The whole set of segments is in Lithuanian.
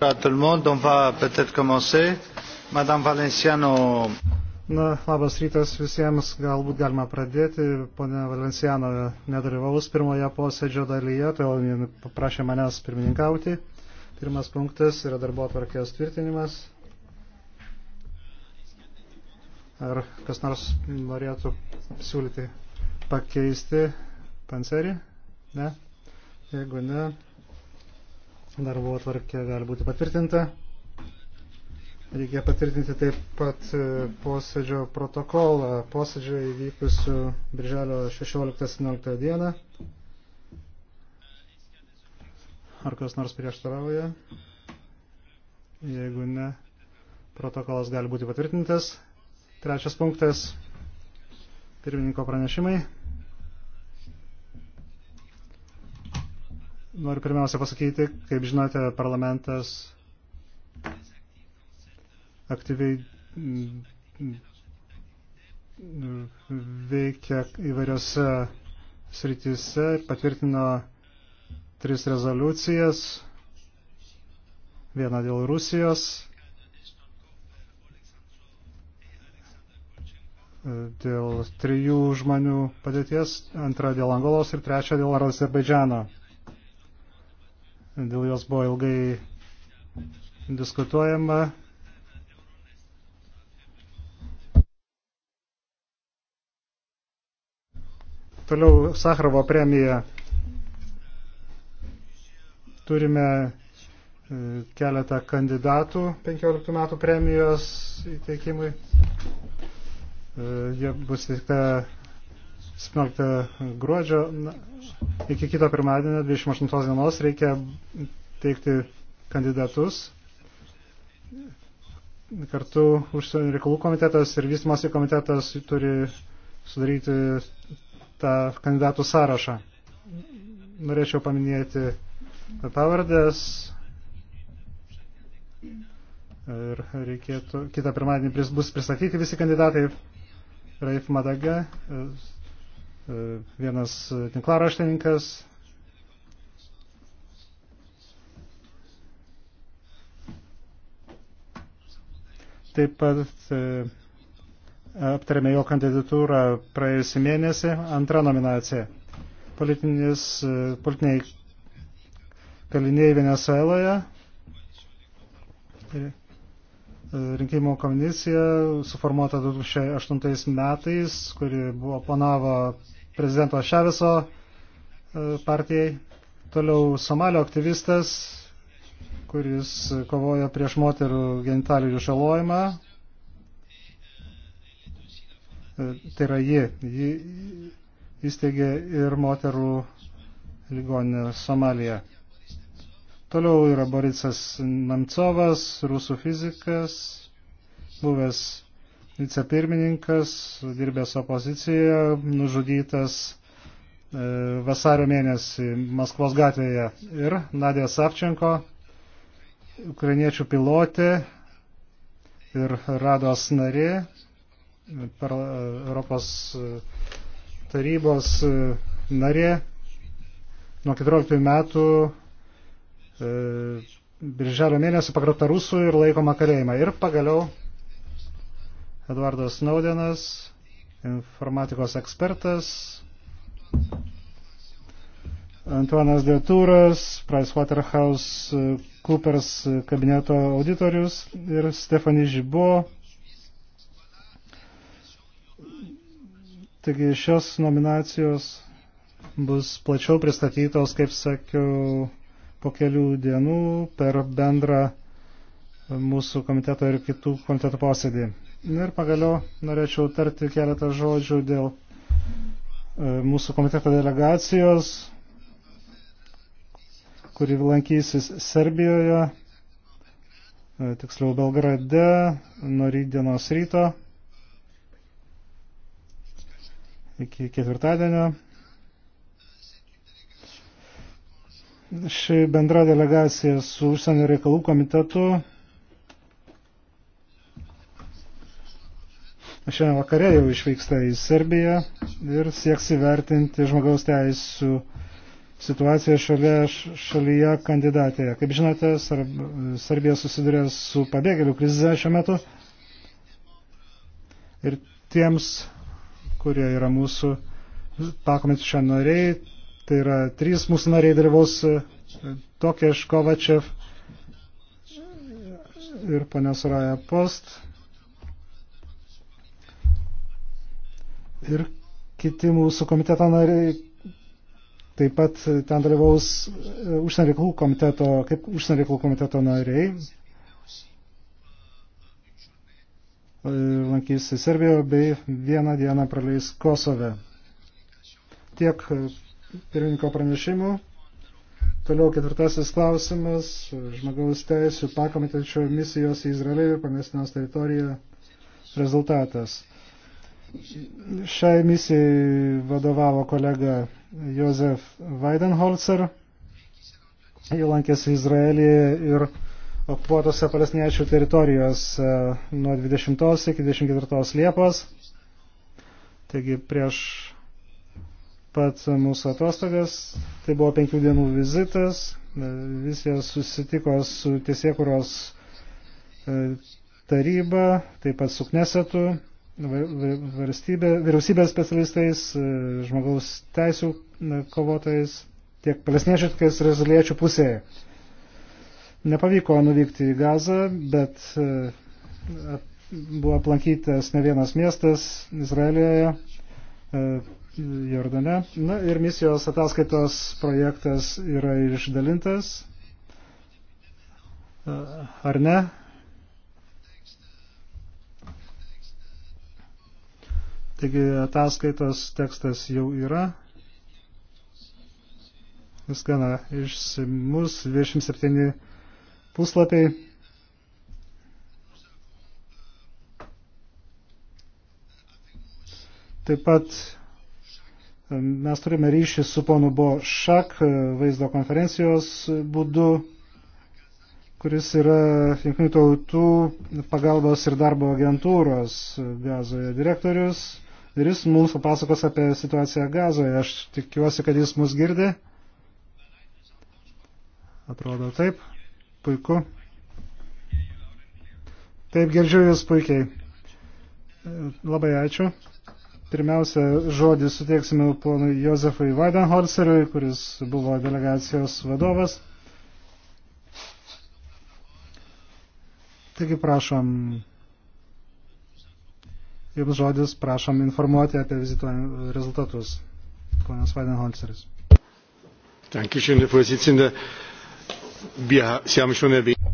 À tout le monde, on va peut-être commencer. Madame Valenciano. Na, labas rytas visiems, galbūt galima pradėti. Pone Valenciano nedalyvaus pirmoje posėdžio dalyje, todėl paprašė manęs pirmininkauti. Pirmas punktas yra darbo atvarkės tvirtinimas. Ar kas nors norėtų siūlyti pakeisti pancerį? Ne? Jeigu ne, darbo atvarkė gali būti patvirtinta. Reikia patvirtinti taip pat e, posėdžio protokolą, posėdžio įvykusių birželio 16-17 dieną. Ar kas nors prieštarauja? Jeigu ne, protokolas gali būti patvirtintas. Trečias punktas pirmininko pranešimai. Noriu pirmiausia pasakyti, kaip žinote, parlamentas aktyviai mm, veikia įvairiose srityse ir patvirtino tris rezoliucijas. Viena dėl Rusijos, dėl trijų žmonių padėties, antra dėl Angolos ir trečia dėl Azerbaidžiano dėl jos buvo ilgai diskutuojama. Toliau Sakrovo premija. Turime e, keletą kandidatų 15 metų premijos įteikimui. E, jie bus įteikta 17 gruodžio na, iki kito pirmadienio 28 dienos reikia teikti kandidatus. Kartu užsienio reikalų komitetas ir vystimosi komitetas turi sudaryti tą kandidatų sąrašą. Norėčiau paminėti pavardės ir reikėtų, kitą pirmadienį bus pristatyti visi kandidatai. Raif Madaga, E, vienas tinklaraštininkas taip pat e, aptarėme jo kandidatūrą praėjusį mėnesį, antra nominacija. Politinis, e, politiniai kaliniai Venezueloje. Rinkimų komisija suformuota 2008 metais, kuri buvo planavo prezidento Šaveso e, partijai. Toliau Somalio aktyvistas, kuris kovojo prieš moterų genitalių žalojimą. E, tai yra ji. Ji įsteigė ir moterų ligoninę Somaliją. Toliau yra Borisas Namcovas, rusų fizikas, buvęs vicepirmininkas, dirbęs opozicijoje, nužudytas e, vasario mėnesį Maskvos gatvėje. Ir Nadė Savčenko, ukrainiečių pilotė ir rados narė per Europos e, tarybos e, narė nuo 14 metų birželio mėnesį pagrota rusų ir laikoma kalėjimą. Ir pagaliau Eduardas Snaudenas, informatikos ekspertas, Antuanas Detūras, Pricewaterhouse Coopers kabineto auditorius ir Stefani Žibo. Taigi šios nominacijos bus plačiau pristatytos, kaip sakiau, po kelių dienų per bendrą mūsų komiteto ir kitų komiteto posėdį. Ir pagaliau norėčiau tarti keletą žodžių dėl e, mūsų komiteto delegacijos, kuri lankysis Serbijoje, e, tiksliau Belgrade, nuo rydienos ryto iki ketvirtadienio. Ši bendra delegacija su užsienio reikalų komitetu šiandien vakare jau išvyksta į Serbiją ir sieks įvertinti žmogaus teisų situaciją šalia, šalyje kandidatėje. Kaip žinote, Serbija susiduria su pabėgėlių krize šiuo metu ir tiems, kurie yra mūsų pakomitų šiandien nariai, tai yra trys mūsų nariai dalyvaus e, Tokieš Kovačev ir ponia Soraya Post ir kiti mūsų komiteto nariai taip pat ten dalyvaus e, užsienio reikalų komiteto, kaip užsienio reikalų komiteto nariai. E, lankysi Serbijoje bei vieną dieną praleis Kosove. Tiek e, pirmininko pranešimų. Toliau ketvirtasis klausimas. Žmogaus teisų pakomitečio misijos į Izraelį ir Palestinos teritoriją rezultatas. Šiai misijai vadovavo kolega Josef Weidenholzer. Jį lankėsi Izraelyje ir okupuotose palestiniečių teritorijos nuo 20 iki 24 Liepos. Taigi prieš pat mūsų atostogas, tai buvo penkių dienų vizitas, vis jie susitiko su tiesiekuros e, taryba, taip pat su Knesetu, valstybė, vyriausybės specialistais, e, žmogaus teisų kovotojais, tiek palestiniečių, tiek izraeliečių pusėje. Nepavyko nuvykti į Gazą, bet e, buvo aplankytas ne vienas miestas Izraelijoje, e, Jordane. Na ir misijos ataskaitos projektas yra išdalintas. Ar ne? Taigi ataskaitos tekstas jau yra. Jis gana išsimus 27 puslapiai. Taip pat e, mes turime ryšį su ponu Bo Šak e, vaizdo konferencijos būdu, kuris yra Junktinių tautų pagalbos ir darbo agentūros gazoje direktorius ir jis mums papasakos apie situaciją gazoje. Aš tikiuosi, kad jis mus girdi. Atrodo taip. Puiku. Taip, girdžiu Jūs puikiai. E, labai ačiū. Pirmiausia, žodį suteiksime ponui Jozefui Weidenholzeriui, kuris buvo delegacijos vadovas. Taigi prašom Jums žodis, prašom informuoti apie vizito rezultatus. Ponas Vaidenholceris.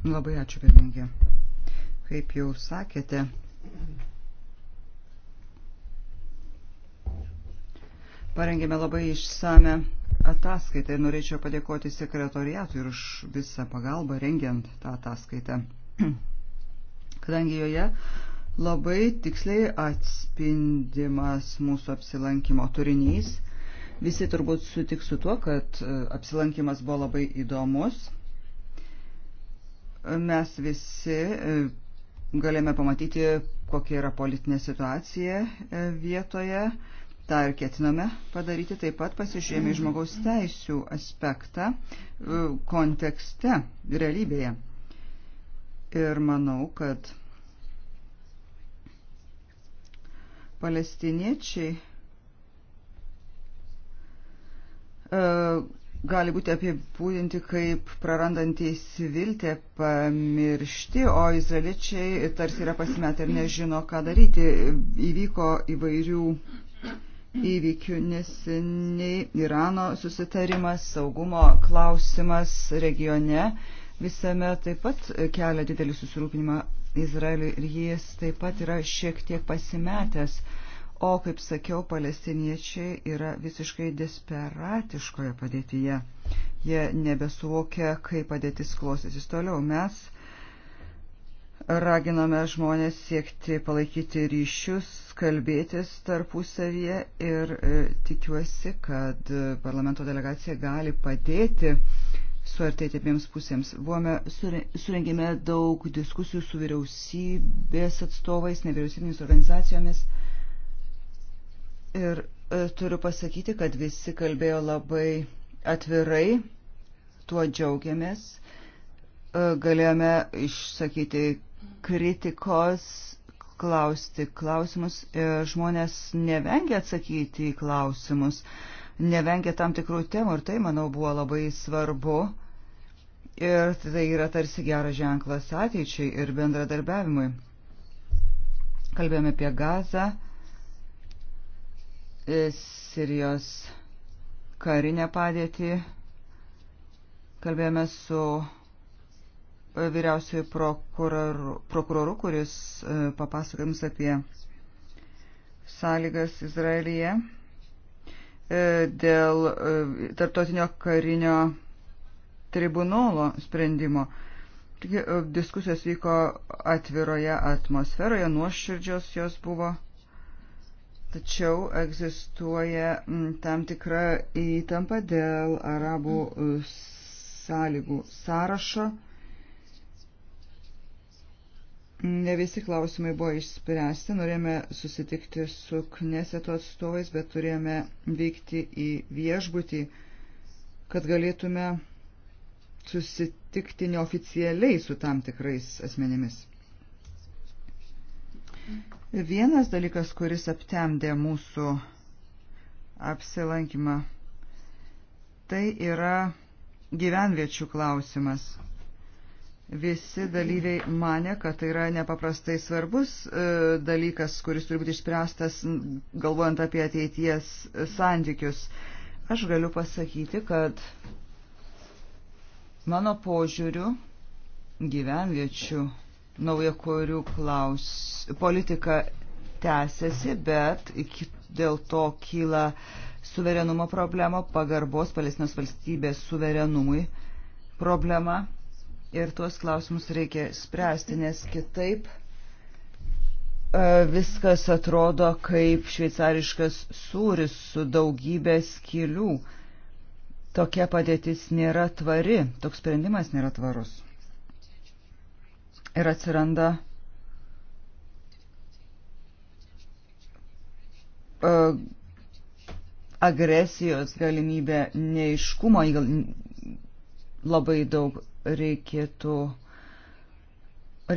Labai ačiū, pirmininkė. Kaip jau sakėte, parengėme labai išsame ataskaitą ir norėčiau padėkoti sekretoriatui ir už visą pagalbą rengiant tą ataskaitą. Kadangi joje labai tiksliai atspindimas mūsų apsilankimo turinys. Visi turbūt sutiks su tuo, kad e, apsilankimas buvo labai įdomus. Mes visi e, galėjome pamatyti, kokia yra politinė situacija e, vietoje. Ta ir ketiname padaryti taip pat pasižiūrėjome į žmogaus teisų aspektą kontekste, realybėje. Ir manau, kad Palestiniečiai e, gali būti apibūdinti kaip prarandantys viltį, pamiršti, o izraeličiai tarsi yra pasimetę ir nežino, ką daryti. Įvyko įvairių įvykių neseniai Irano susitarimas, saugumo klausimas regione visame taip pat kelia didelį susirūpinimą Izraeliui ir jis taip pat yra šiek tiek pasimetęs. O, kaip sakiau, palestiniečiai yra visiškai desperatiškoje padėtyje. Jie nebesuvokia, kaip padėtis klostysis toliau. Mes raginame žmonės siekti palaikyti ryšius, kalbėtis tarpusavyje ir e, tikiuosi, kad e, parlamento delegacija gali padėti suartėti abiems pusėms. Buvome, surengėme daug diskusijų su vyriausybės atstovais, nevyriausybinės organizacijomis. Ir e, turiu pasakyti, kad visi kalbėjo labai atvirai, tuo džiaugiamės. E, galėjome išsakyti kritikos, klausti klausimus ir e, žmonės nevengia atsakyti į klausimus, nevengia tam tikrų temų ir tai, manau, buvo labai svarbu. Ir tai yra tarsi geras ženklas ateičiai ir bendradarbiavimui. Kalbėjome apie gazą, e, Sirijos karinę padėtį, kalbėjome su e, vyriausiųjų prokuroru, prokuroru, kuris e, papasakoja jums apie sąlygas Izraelyje dėl tarptautinio karinio tribunolo sprendimo. Taigi, e, diskusijos vyko atviroje atmosferoje, nuoširdžios jos buvo. Tačiau egzistuoja tam tikra įtampa dėl arabų e, sąlygų sąrašo. Ne visi klausimai buvo išspręsti, norėjome susitikti su Kneseto atstovais, bet turėjome vykti į viešbutį, kad galėtume susitikti neoficialiai su tam tikrais asmenimis. Vienas dalykas, kuris aptemdė mūsų apsilankymą, tai yra gyvenviečių klausimas. Visi dalyviai mane, kad tai yra nepaprastai svarbus e, dalykas, kuris turi būti išspręstas, galvojant apie ateities santykius. Aš galiu pasakyti, kad Mano požiūriu, gyvenviečių naujakurių klaus... politika tęsiasi, bet dėl to kyla suverenumo problema, pagarbos Palestinos valstybės suverenumui problema. Ir tuos klausimus reikia spręsti, nes kitaip e, viskas atrodo kaip šveicariškas sūris su daugybė skilių. Tokia padėtis nėra tvari, toks sprendimas nėra tvarus. Ir atsiranda uh, agresijos galimybė, neiškumo labai daug reikėtų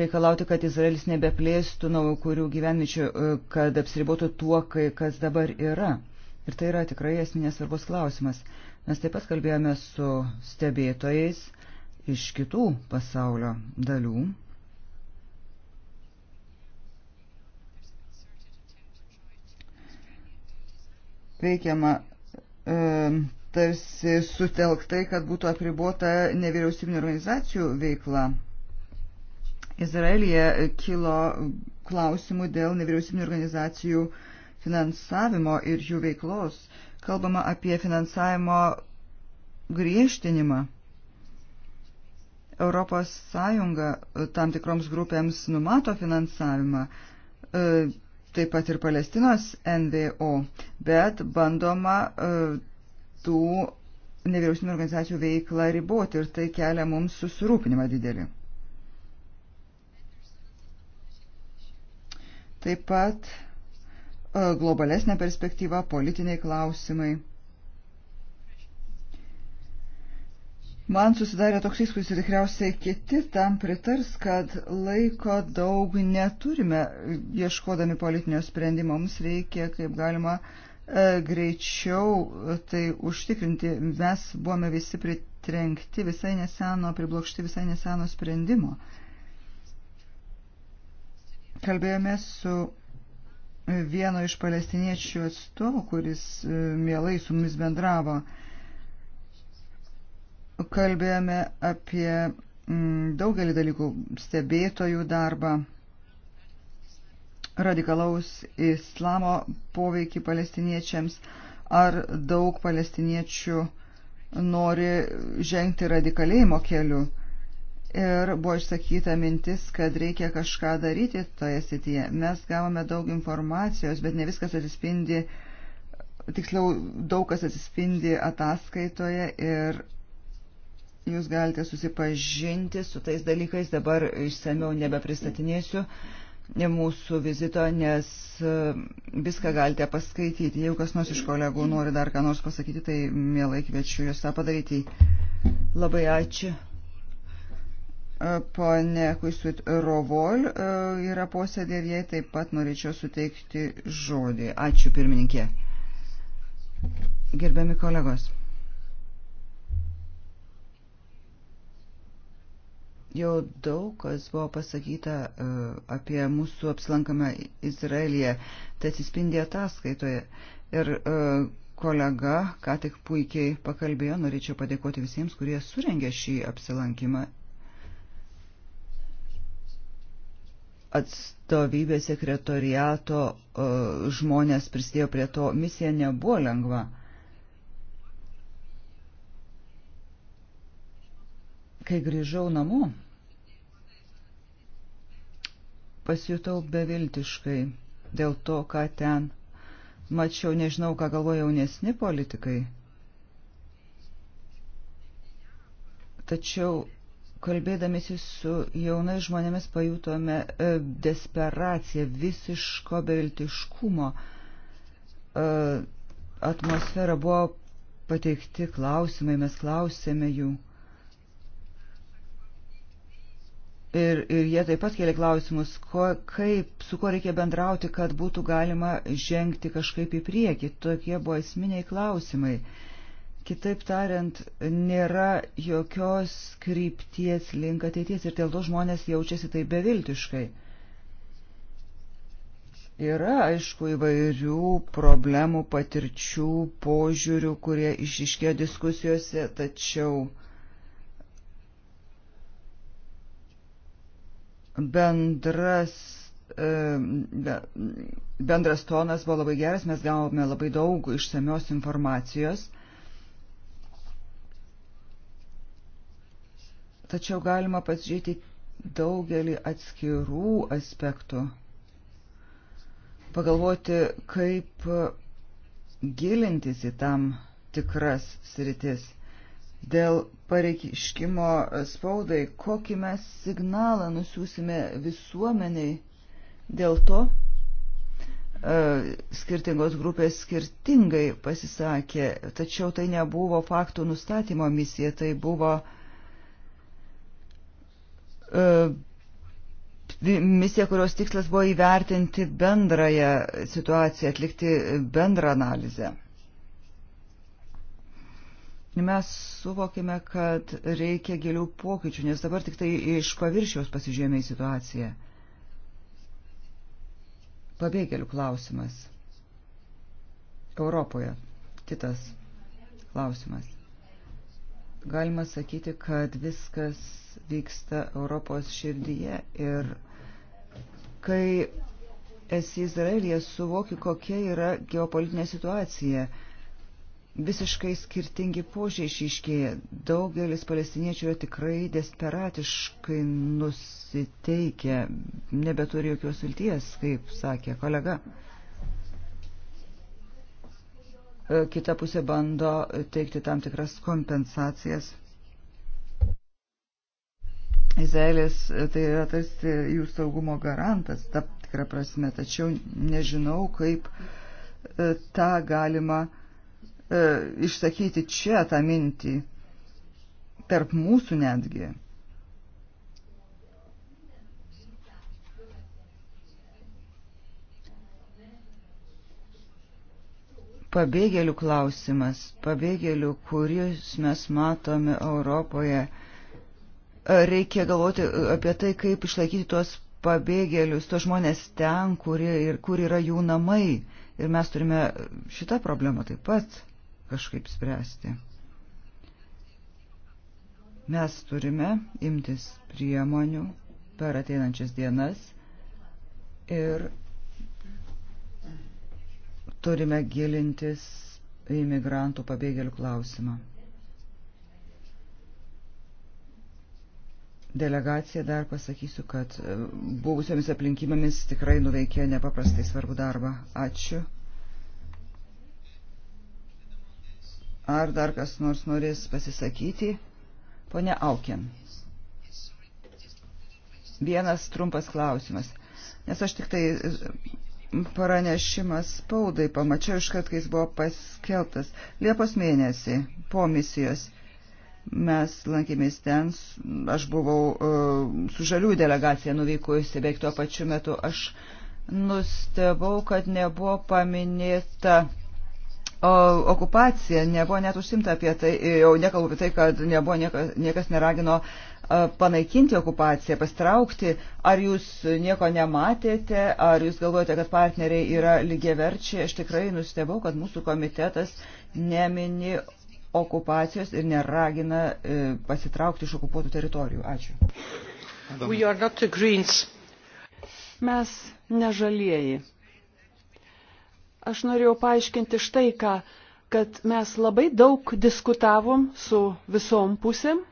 reikalauti, kad Izraelis nebeplėstų naujų kurių gyvenvičių, e, kad apsiribotų tuo, kas dabar yra. Ir tai yra tikrai esminės svarbus klausimas. Uh, Mes taip pat kalbėjome su stebėtojais iš kitų pasaulio dalių. Veikiama e, tarsi sutelktai, kad būtų apribuota nevyriausybinio organizacijų veikla. Izraelija kilo klausimų dėl nevyriausybinio organizacijų finansavimo ir jų veiklos. E, kalbama apie finansavimo griežtinimą. Europos Sąjunga e, tam tikroms grupėms numato finansavimą, e, taip pat ir Palestinos NVO, bet bandoma e, tų nevyriausybinio organizacijų veiklą riboti ir tai kelia mums susirūpinimą didelį. Taip pat E, globalesnė perspektyva, politiniai klausimai. Man susidarė toks įspūdis ir tikriausiai kiti tam pritars, kad laiko daug neturime ieškodami politinio sprendimo. Mums reikia kaip galima e, greičiau tai užtikrinti. Mes buvome visi pritrenkti visai neseno, priblokšti visai neseno sprendimo. Kalbėjome su vieno iš palestiniečių atstovų, kuris e, mielai su mumis bendravo. Kalbėjome apie mm, daugelį dalykų - stebėtojų darbą, radikalaus islamo poveikį palestiniečiams, ar daug palestiniečių nori žengti radikalėjimo keliu ir buvo išsakyta mintis, kad reikia kažką daryti toje srityje. Mes gavome daug informacijos, bet ne viskas atsispindi, tiksliau daug kas atsispindi ataskaitoje ir jūs galite susipažinti su tais dalykais, dabar išsameu nebepristatinėsiu mūsų vizito, nes e, viską galite paskaityti. Jeigu kas nors iš kolegų nori dar ką nors pasakyti, tai mielai kviečiu jūs tą padaryti. Labai ačiū. Pone Kuisuit Rovol e, yra posėdė ir jai taip pat norėčiau suteikti žodį. Ačiū pirmininkė. Gerbiami kolegos. Jau daug kas buvo pasakyta e, apie mūsų apsilankamą Izraelyje, tai atsispindi ataskaitoje. Ir e, kolega ką tik puikiai pakalbėjo, norėčiau padėkoti visiems, kurie surengė šį apsilankimą atstovybės sekretoriato e, žmonės prisidėjo prie to. Misija nebuvo lengva. Kai grįžau namo, pasijutau beviltiškai dėl to, ką ten mačiau, nežinau, ką galvoja jaunesni politikai. Tačiau kalbėdamėsi su jaunais žmonėmis pajutome e, desperaciją, visiško beviltiškumo e, atmosferą. Buvo pateikti klausimai, mes klausėme jų. Ir, ir jie taip pat kėlė klausimus, ko, kaip, su kuo reikia bendrauti, kad būtų galima žengti kažkaip į priekį. Tokie buvo esminiai klausimai. Uh, Kitaip tariant, nėra jokios krypties link ateities ir dėl to žmonės jaučiasi taip beviltiškai. Yra, aišku, įvairių problemų, patirčių, požiūrių, kurie išiškėjo diskusijose, tačiau bendras, e, bendras tonas buvo labai geras, mes gavome labai daug išsamios informacijos Tačiau galima pasižiūrėti daugelį atskirų aspektų. Pagalvoti, kaip gilintis į tam tikras sritis. Dėl pareiškimo spaudai, kokį mes signalą nusiųsime visuomeniai, dėl to e, skirtingos grupės skirtingai pasisakė, tačiau tai nebuvo faktų nustatymo misija, tai buvo e, E, misija, kurios tikslas buvo įvertinti bendrąją situaciją, atlikti bendrą analizę. Mes suvokime, kad reikia gilių pokyčių, nes dabar tik tai iš paviršiaus pasižiūrėjome į situaciją. Pabėgėlių klausimas. Europoje. Kitas klausimas. Galima sakyti, kad viskas vyksta Europos širdyje ir kai esi Izraelija, suvoki, kokia yra geopolitinė situacija. Visiškai skirtingi požiai išiškėja. Daugelis palestiniečių yra tikrai desperatiškai nusiteikę, nebeturi jokios vilties, kaip sakė kolega. E, kita pusė bando teikti tam tikras kompensacijas. Izraelis e, tai yra tarsi jų saugumo garantas, ta tikra prasme, tačiau nežinau, kaip e, tą galima išsakyti čia tą mintį, tarp mūsų netgi. pabėgėlių klausimas, pabėgėlių, kurius mes matome Europoje. Reikia galvoti apie tai, kaip išlaikyti tuos pabėgėlius, tuos žmonės ten, kur, ir, kur yra jų namai. Ir mes turime šitą problemą taip pat kažkaip spręsti. Mes turime imtis priemonių per ateinančias dienas ir turime gilintis į migrantų pabėgėlių klausimą. Delegacija dar pasakysiu, kad buvusiomis aplinkybėmis tikrai nuveikė nepaprastai svarbu darbą. Ačiū. Ar dar kas nors norės pasisakyti? Pone Aukien. Vienas trumpas klausimas, nes aš tik tai pranešimas spaudai, pamačiau iškart, kai jis buvo paskeltas. Liepos mėnesį po misijos mes lankėmės ten, aš buvau uh, su žalių delegacija nuvykusi, beveik tuo pačiu metu aš nustebau, kad nebuvo paminėta o, okupacija, nebuvo net užsimta apie tai, jau nekalbu apie tai, kad nebuvo niekas, niekas neragino uh, E, panaikinti okupaciją, pastraukti, ar jūs nieko nematėte, ar jūs galvojate, kad partneriai yra lygiaverčiai. Aš tikrai nustebau, kad mūsų komitetas nemini okupacijos ir neragina e, pasitraukti iš okupuotų teritorijų. Ačiū. Mes nežalieji. Aš norėjau paaiškinti štai ką, kad mes labai daug diskutavom su visom pusėm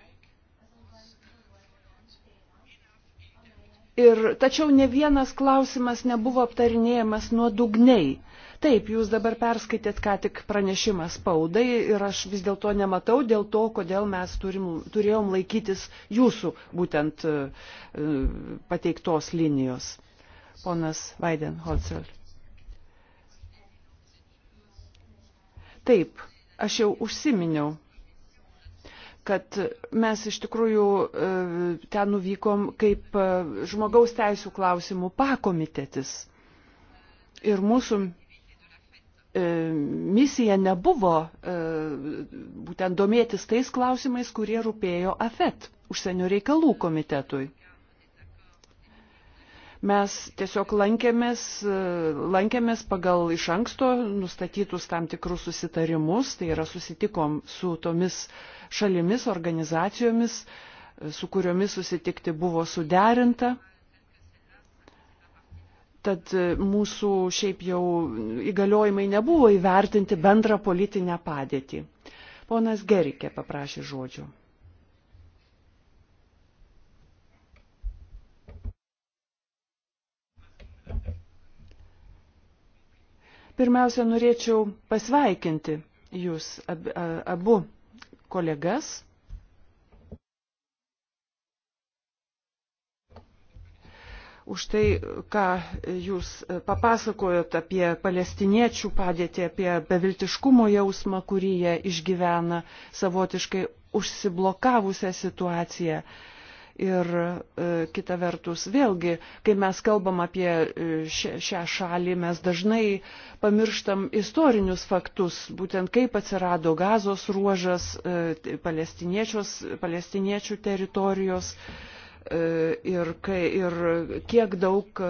Ir tačiau ne vienas klausimas nebuvo aptarinėjamas nuodugniai. Taip, jūs dabar perskaitėt ką tik pranešimą spaudai ir aš vis dėlto nematau dėl to, kodėl mes turim, turėjom laikytis jūsų būtent e, e, pateiktos linijos. Ponas Vaidenholzer. Taip, aš jau užsiminiau kad mes iš tikrųjų e, ten nuvykom kaip e, žmogaus teisų klausimų pakomitetis. Ir mūsų e, misija nebuvo būtent domėtis tais klausimais, kurie rūpėjo AFET, užsienio reikalų komitetui mes tiesiog lankėmės, lankėmės pagal iš anksto nustatytus tam tikrus susitarimus, tai yra susitikom su tomis šalimis, organizacijomis, su kuriomis susitikti buvo suderinta. Tad e, mūsų šiaip jau įgaliojimai nebuvo įvertinti bendrą politinę padėtį. Ponas Gerikė paprašė žodžių. Pirmiausia, norėčiau pasveikinti jūs ab, abu kolegas. Už tai, ką jūs papasakojot apie palestiniečių padėtį, apie beviltiškumo jausmą, kurį jie išgyvena savotiškai užsiblokavusią situaciją. Uh, Ir e, kita vertus, vėlgi, kai mes kalbam apie e, šią šalį, mes dažnai pamirštam istorinius faktus, būtent kaip atsirado gazos ruožas, e, palestiniečių teritorijos ir, kai, ir kiek daug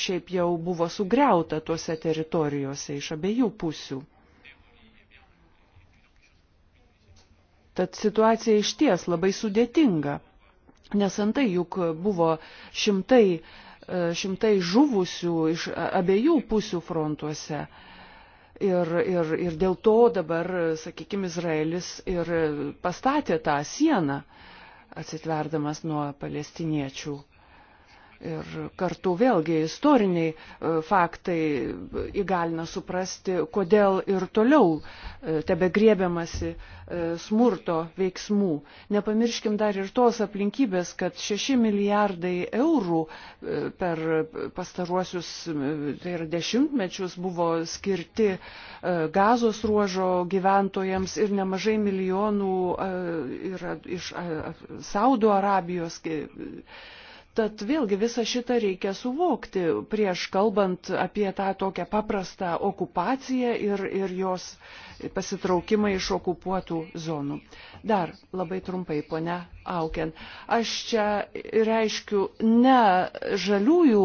šiaip jau buvo sugriauta tuose teritorijose iš abiejų pusių. Tad situacija iš ties labai sudėtinga. Nes antai juk buvo šimtai, e, šimtai žuvusių iš abiejų pusių frontuose. Ir, ir, ir dėl to dabar, sakykime, Izraelis ir pastatė tą sieną, atsitverdamas nuo palestiniečių. Ir kartu vėlgi istoriniai e, faktai įgalina suprasti, kodėl ir toliau e, tebe grėbiamasi e, smurto veiksmų. Nepamirškim dar ir tos aplinkybės, kad 6 milijardai eurų per pastaruosius, tai yra dešimtmečius, buvo skirti gazos ruožo gyventojams ir nemažai milijonų yra iš Saudo Arabijos Tad vėlgi visą šitą reikia suvokti prieš kalbant apie tą tokią paprastą okupaciją ir, ir jos uh, pasitraukimai iš okupuotų zonų. Dar labai trumpai, ponia Auken, aš čia reiškiu ne žaliųjų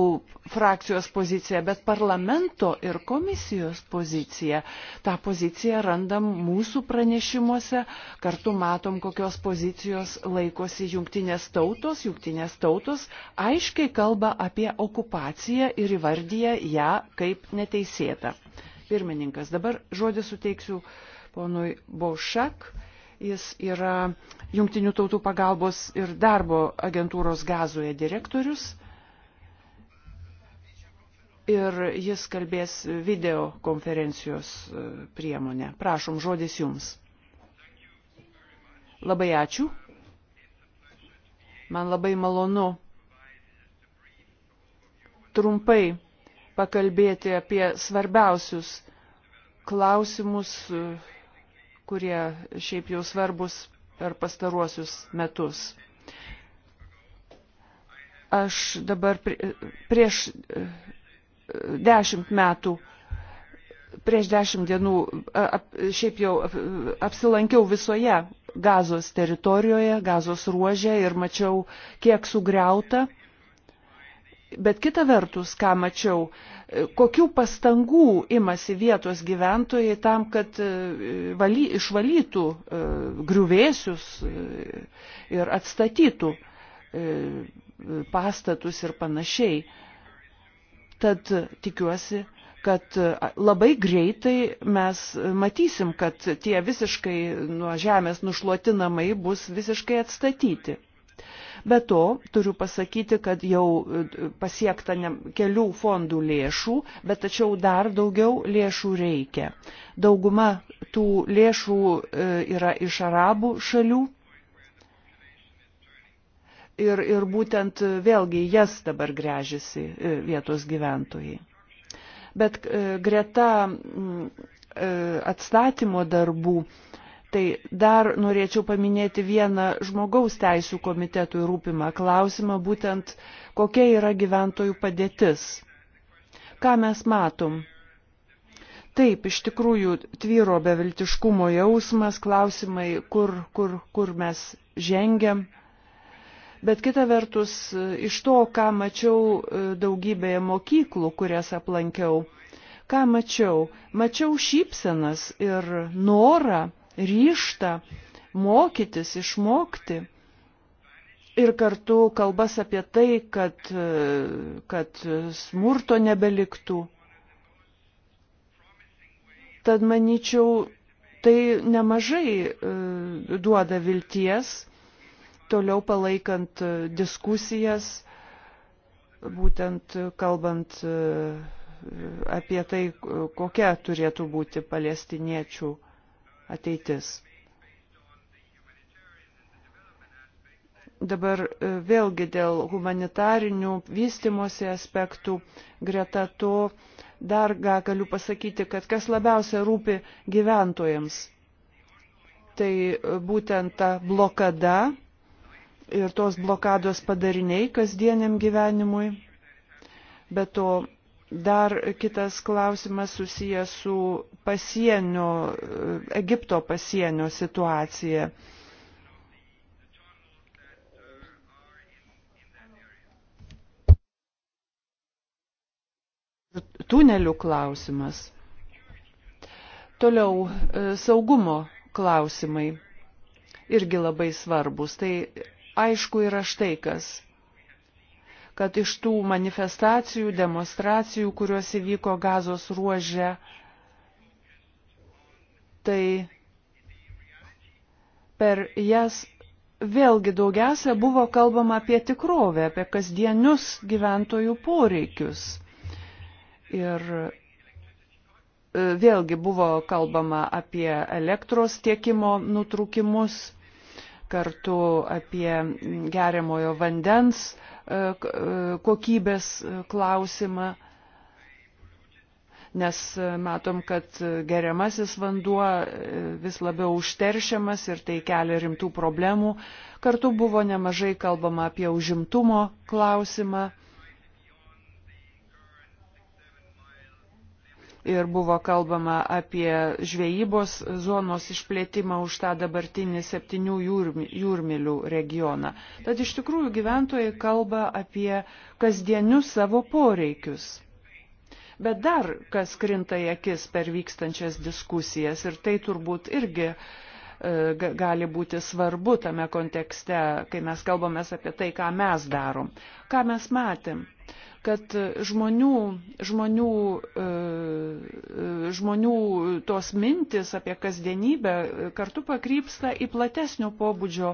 frakcijos poziciją, bet parlamento ir komisijos poziciją. Ta pozicija randam mūsų pranešimuose, kartu matom, kokios pozicijos laikosi jungtinės tautos. Jungtinės tautos aiškiai kalba apie okupaciją ir įvardyje ją kaip neteisėtą pirmininkas. Dabar žodį suteiksiu ponui Baušak. Jis yra Jungtinių tautų pagalbos ir darbo agentūros gazoje direktorius. Ir jis kalbės video konferencijos e, priemonę. Prašom, žodis jums. Labai ačiū. Man labai malonu trumpai pakalbėti apie svarbiausius klausimus, kurie šiaip jau svarbus per pastaruosius metus. Aš dabar prieš e, dešimt metų prieš dešimt dienų šiaip jau apsilankiau visoje gazos teritorijoje, gazos ruožė ir mačiau, kiek sugriauta Bet kita vertus, ką mačiau, e, kokių pastangų imasi vietos gyventojai tam, kad e, valy, išvalytų e, griuvėsius ir atstatytų pastatus ir panašiai. Tad tikiuosi, kad labai greitai mes matysim, kad tie visiškai nuo žemės nušluoti namai bus visiškai atstatyti. Be to, turiu pasakyti, kad jau e, pasiekta ne, kelių fondų lėšų, bet tačiau dar daugiau lėšų reikia. Dauguma tų lėšų e, yra iš arabų šalių. Ir, ir būtent e, vėlgi jas dabar grežiasi vietos gyventojai. Bet greta atstatymo darbų Tai dar norėčiau paminėti vieną žmogaus teisų komitetui rūpimą klausimą, būtent kokia yra gyventojų padėtis. Ką mes matom? Taip, iš tikrųjų, tvyro beviltiškumo jausmas, klausimai, kur, kur, kur mes žengiam, Bet kita vertus, iš to, ką mačiau e, daugybėje mokyklų, kurias aplankiau, ką mačiau, mačiau šypsenas ir norą ryštą mokytis, išmokti. Ir kartu kalbas apie tai, kad, kad smurto nebeliktų. Tad manyčiau, tai nemažai e, duoda vilties, toliau palaikant e, diskusijas, būtent kalbant e, apie tai, kokia turėtų būti palestiniečių ateitis. Dabar e, vėlgi dėl humanitarinių vystimosi aspektų greta to dar ką galiu pasakyti, kad kas labiausia rūpi gyventojams, tai e, būtent ta blokada ir tos blokados padariniai kasdieniam gyvenimui. Be to Dar kitas klausimas susijęs su pasienio, e, Egipto pasienio situacija. Tunelių klausimas. Toliau e, saugumo klausimai irgi labai svarbus. Tai aišku yra štai kas kad iš tų manifestacijų, demonstracijų, kurios įvyko gazos ruožė, tai per jas vėlgi daugiausia buvo kalbama apie tikrovę, apie kasdienius gyventojų poreikius. Ir e, vėlgi buvo kalbama apie elektros tiekimo nutrūkimus, kartu apie geriamojo vandens uh, E, e, kokybės e, klausimą, nes matom, kad geriamasis vanduo vis labiau užteršiamas ir tai kelia rimtų problemų. Kartu buvo nemažai kalbama apie užimtumo klausimą ir buvo kalbama apie žvejybos zonos išplėtimą už tą dabartinį septynių jūrmilių regioną. Tad iš tikrųjų gyventojai kalba apie kasdienius savo poreikius. Bet dar kas krinta į akis per vykstančias diskusijas ir tai turbūt irgi uh, E, gali būti svarbu tame kontekste, kai mes kalbame apie tai, ką mes darom. Ką mes matėm? kad žmonių, žmonių, e, e, žmonių tos mintis apie kasdienybę kartu pakrypsta į platesnio pobūdžio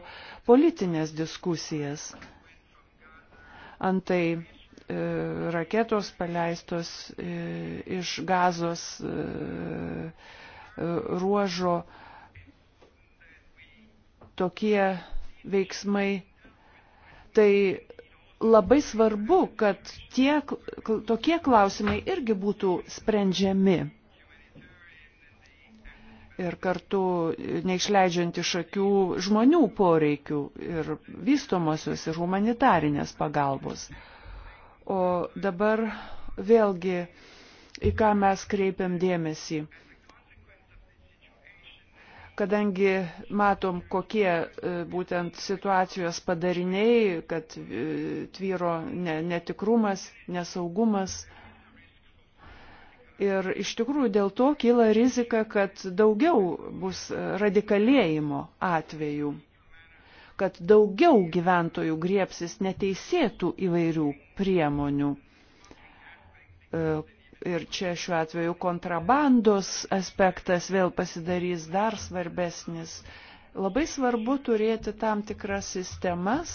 politinės diskusijas. Antai raketos paleistos iš gazos ruožo tokie veiksmai. Tai labai svarbu, kad tie, tokie klausimai irgi būtų sprendžiami. Ir kartu neišleidžiant iš akių žmonių poreikių ir vystomosios ir humanitarinės pagalbos. O dabar vėlgi, į ką mes kreipiam dėmesį kadangi matom, kokie e, būtent situacijos padariniai, kad e, tvyro netikrumas, nesaugumas. Ir iš tikrųjų dėl to kyla rizika, kad daugiau bus radikalėjimo atvejų, kad daugiau gyventojų griepsis neteisėtų įvairių priemonių, e, Ir čia šiuo atveju kontrabandos aspektas vėl pasidarys dar svarbesnis. Labai svarbu turėti tam tikras sistemas,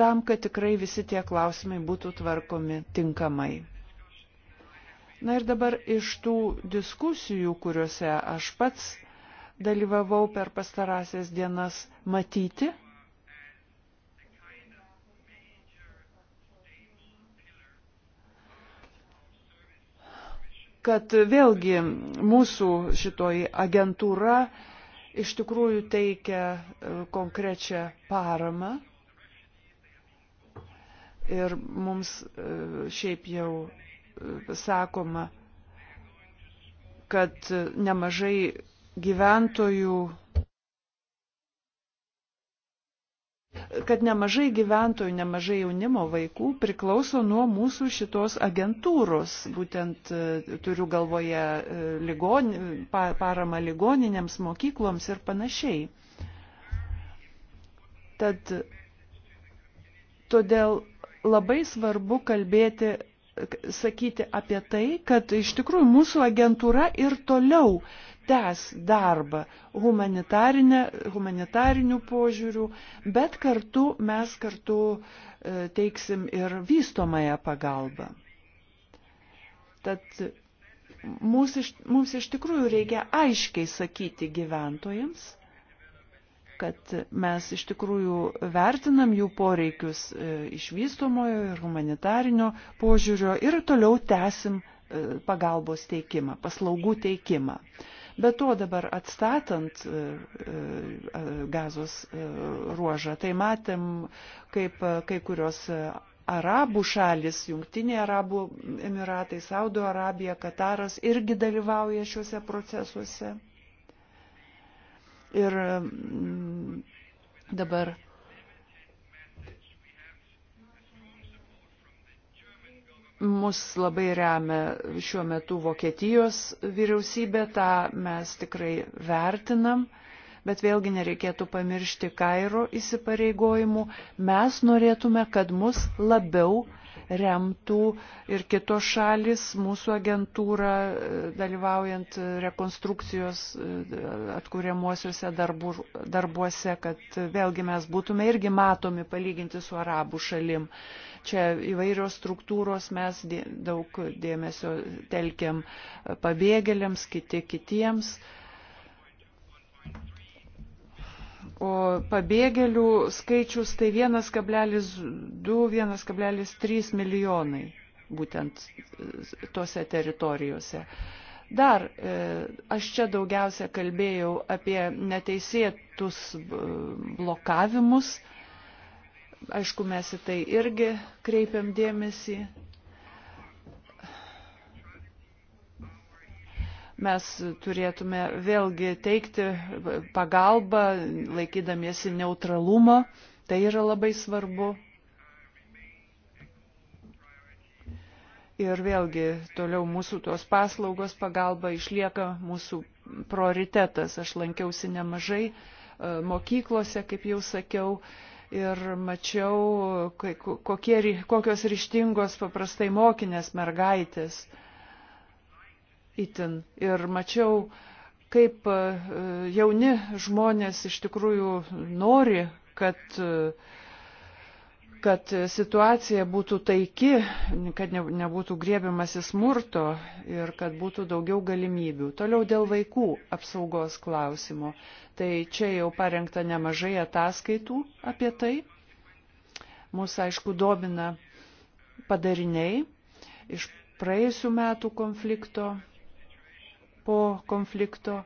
tam, kad tikrai visi tie klausimai būtų tvarkomi tinkamai. Na ir dabar iš tų diskusijų, kuriuose aš pats dalyvavau per pastarąsias dienas, matyti, kad vėlgi mūsų šitoji agentūra iš tikrųjų teikia e, konkrečią paramą. Ir mums e, šiaip jau e, sakoma, kad nemažai gyventojų kad nemažai gyventojų, nemažai jaunimo vaikų priklauso nuo mūsų šitos agentūros. Būtent e, turiu galvoje e, ligon, paramą ligoninėms, mokykloms ir panašiai. Tad todėl labai svarbu kalbėti, sakyti apie tai, kad iš tikrųjų mūsų agentūra ir toliau uh, tęs darbą humanitariniu požiūriu, bet kartu mes kartu e, teiksim ir vystomąją pagalbą. Tad mums iš, mums iš tikrųjų reikia aiškiai sakyti gyventojams, kad mes iš tikrųjų vertinam jų poreikius e, iš vystomojo ir humanitarinio požiūrio ir toliau tęsim e, pagalbos teikimą, paslaugų teikimą. Be to dabar atstatant e, e, e, gazos ruožą, tai matėm, kaip kai kurios arabų šalis, jungtiniai arabų emiratai, Saudo Arabija, Kataras irgi dalyvauja šiuose procesuose. Ir mm, dabar mus labai remia šiuo metu Vokietijos vyriausybė, tą mes tikrai vertinam bet vėlgi nereikėtų pamiršti Kairo įsipareigojimų. Mes norėtume, kad mus labiau remtų ir kitos šalis, mūsų agentūra, e, dalyvaujant rekonstrukcijos e, atkūriamuosiuose darbu, darbuose, kad vėlgi mes būtume irgi matomi palyginti su arabų šalim. Čia įvairios struktūros mes daug dėmesio telkiam pabėgėliams, kiti kitiems. kitiems O pabėgėlių skaičius tai 1,2-1,3 milijonai būtent e, tose teritorijose. Dar e, aš čia daugiausia kalbėjau apie neteisėtus e, blokavimus. Aišku, mes į tai irgi kreipiam dėmesį, mes turėtume vėlgi teikti pagalbą, laikydamiesi neutralumo. Tai yra labai svarbu. Ir vėlgi toliau mūsų tos paslaugos pagalba išlieka mūsų prioritetas. Aš lankiausi nemažai e, mokyklose, kaip jau sakiau, ir mačiau, kokie, kokios ryštingos paprastai mokinės mergaitės. Uh, itin. Ir mačiau, kaip e, jauni žmonės iš tikrųjų nori, kad e, kad situacija būtų taiki, kad ne, nebūtų grėbiamasi smurto ir kad būtų daugiau galimybių. Toliau dėl vaikų apsaugos klausimų. Tai čia jau parengta nemažai ataskaitų apie tai. Mūsų aišku domina padariniai iš praėjusių metų konflikto po konflikto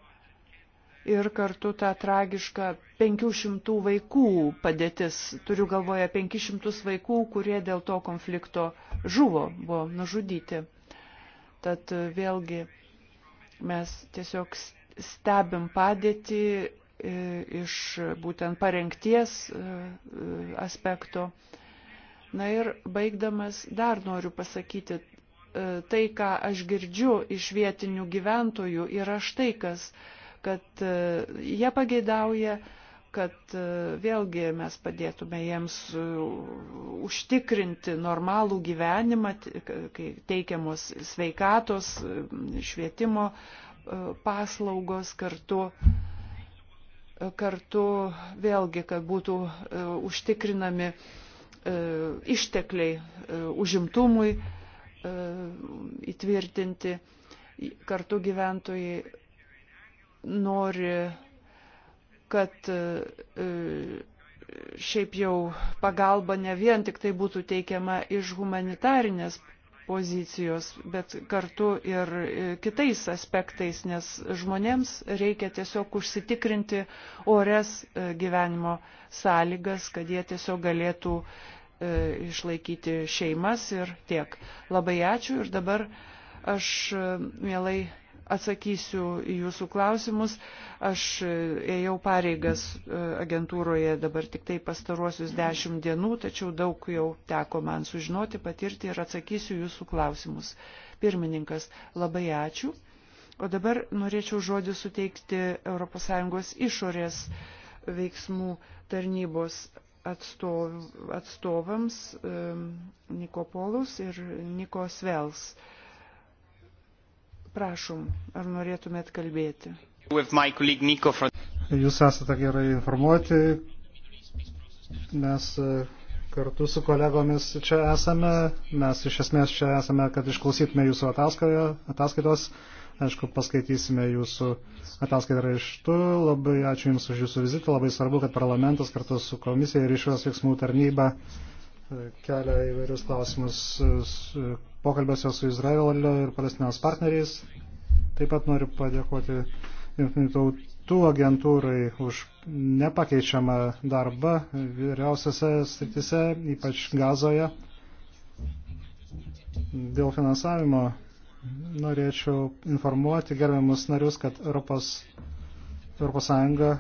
ir kartu tą tragišką 500 vaikų padėtis. Turiu galvoje 500 vaikų, kurie dėl to konflikto žuvo, buvo nužudyti. Tad e, vėlgi mes tiesiog stebim padėtį e, iš būtent parengties e, aspekto. Na ir baigdamas dar noriu pasakyti E, tai, ką aš girdžiu iš vietinių gyventojų, yra štai kas, kad e, jie pageidauja, kad e, vėlgi mes padėtume jiems užtikrinti normalų gyvenimą, kai teikiamos sveikatos, švietimo paslaugos kartu kartu vėlgi, kad būtų užtikrinami ištekliai užimtumui, E, įtvirtinti. Kartu gyventojai nori, kad e, e, šiaip jau pagalba ne vien tik tai būtų teikiama iš humanitarinės pozicijos, bet kartu ir kitais aspektais, nes žmonėms reikia tiesiog užsitikrinti ores gyvenimo sąlygas, kad jie tiesiog galėtų E, išlaikyti šeimas ir tiek. Labai ačiū ir dabar aš e, mielai atsakysiu į jūsų klausimus. Aš e, ėjau pareigas agentūroje dabar tik tai pastaruosius dešimt dienų, tačiau daug jau teko man sužinoti, patirti ir atsakysiu jūsų klausimus. Pirmininkas, labai ačiū. O dabar norėčiau žodį suteikti ES išorės veiksmų tarnybos atstov, atstovams Nikopolus ir Nikos Vels. Prašom, ar norėtumėt kalbėti? Jūs esate gerai informuoti. Mes e, kartu su kolegomis čia esame. Mes iš esmės čia esame, kad išklausytume jūsų ataskaitos. Aišku, paskaitysime jūsų ataskaitą raštu. Labai ačiū Jums už Jūsų vizitą. Labai svarbu, kad parlamentas kartu su komisija ir išvės veiksmų tarnyba e, kelia įvairius klausimus e, pokalbėse su Izraelio ir Palestinos partneriais. Taip pat noriu padėkoti Junktinių tautų agentūrai už nepakeičiamą darbą vyriausiose sritise, ypač gazoje. Dėl finansavimo norėčiau informuoti gerbiamus narius, kad Europos, Europos Sąjunga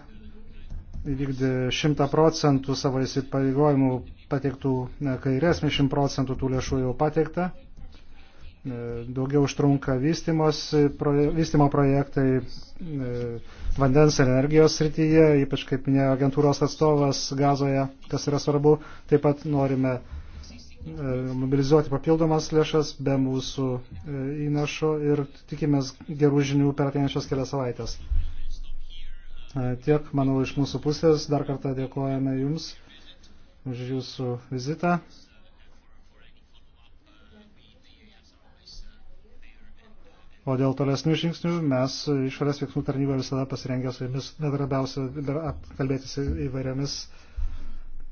įvykdė 100 procentų savo įsipareigojimų pateiktų kairės, 100 procentų tų lėšų jau pateikta. E, daugiau užtrunka proje, vystimo projektai e, vandens ir energijos srityje, ypač kaip minėjo agentūros atstovas gazoje, kas yra svarbu. Taip pat norime E, mobilizuoti papildomas lėšas be mūsų e, įnašo ir tikimės gerų žinių per ateinančias kelias savaitės. E, tiek, manau, iš mūsų pusės. Dar kartą dėkojame Jums už Jūsų vizitą. O dėl tolesnių žingsnių mes išorės veiksmų tarnybą visada pasirengę su jumis bendrabiausia kalbėtis įvairiomis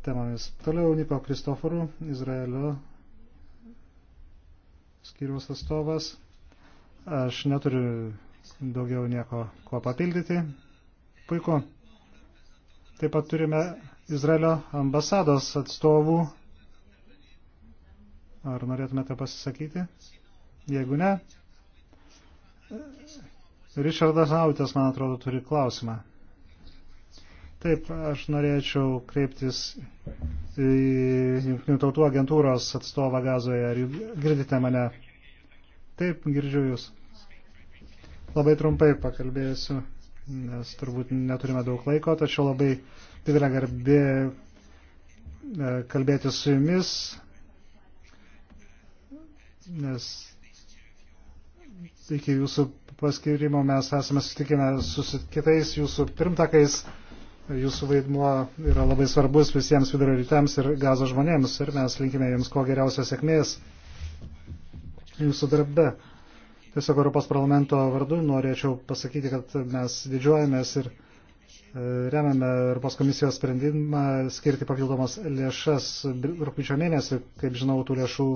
temomis. Toliau Niko Kristoforų, Izraelio skyriaus atstovas. Aš neturiu daugiau nieko, ko papildyti. Puiku. Taip pat turime Izraelio ambasados atstovų. Ar norėtumėte pasisakyti? Jeigu ne, Richardas Autės, man atrodo, turi klausimą. Taip, aš norėčiau kreiptis į Junktinių tautų agentūros atstovą Gazoje. Ar girdite mane? Taip, girdžiu Jūs. Labai trumpai pakalbėsiu, nes turbūt neturime daug laiko, tačiau labai didelė garbė e, kalbėti su Jumis, nes iki Jūsų paskirimo mes esame susitikime su kitais Jūsų pirmtakais jūsų vaidmuo yra labai svarbus visiems vidurio rytams ir gazo žmonėms ir mes linkime jums kuo geriausios sėkmės jūsų darbe. Tiesiog Europos parlamento vardu norėčiau pasakyti, kad mes didžiuojamės ir e, remiame Europos komisijos sprendimą skirti papildomas lėšas rūpiučio mėnesį. Kaip žinau, tų lėšų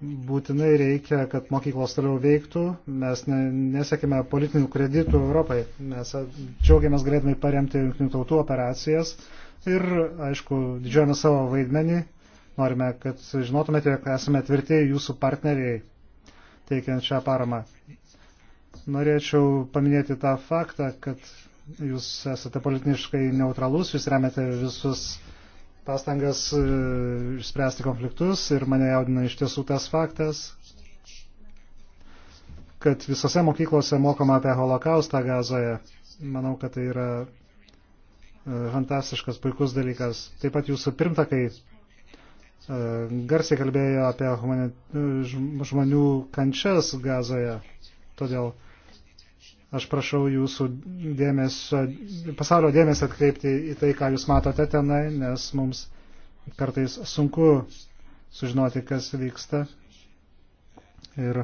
būtinai reikia, kad mokyklos toliau veiktų. Mes ne, nesiekime politinių kreditų Europai. Mes džiaugiamės galėtume paremti jungtinių tautų operacijas ir, aišku, didžiuojame savo vaidmenį. Norime, kad žinotumėte, jog esame tvirti jūsų partneriai teikiant šią paramą. Norėčiau paminėti tą faktą, kad jūs esate politiškai neutralus, jūs remiate visus pastangas e, išspręsti konfliktus ir mane jaudina iš tiesų tas faktas, kad visose mokyklose mokoma apie holokaustą gazoje. Manau, kad tai yra e, fantastiškas, puikus dalykas. Taip pat jūsų pirmtakai e, garsiai kalbėjo apie žmonių kančias gazoje. Todėl Aš prašau jūsų dėmesio, pasaulio dėmesio atkreipti į tai, ką jūs matote tenai, nes mums kartais sunku sužinoti, kas vyksta. Ir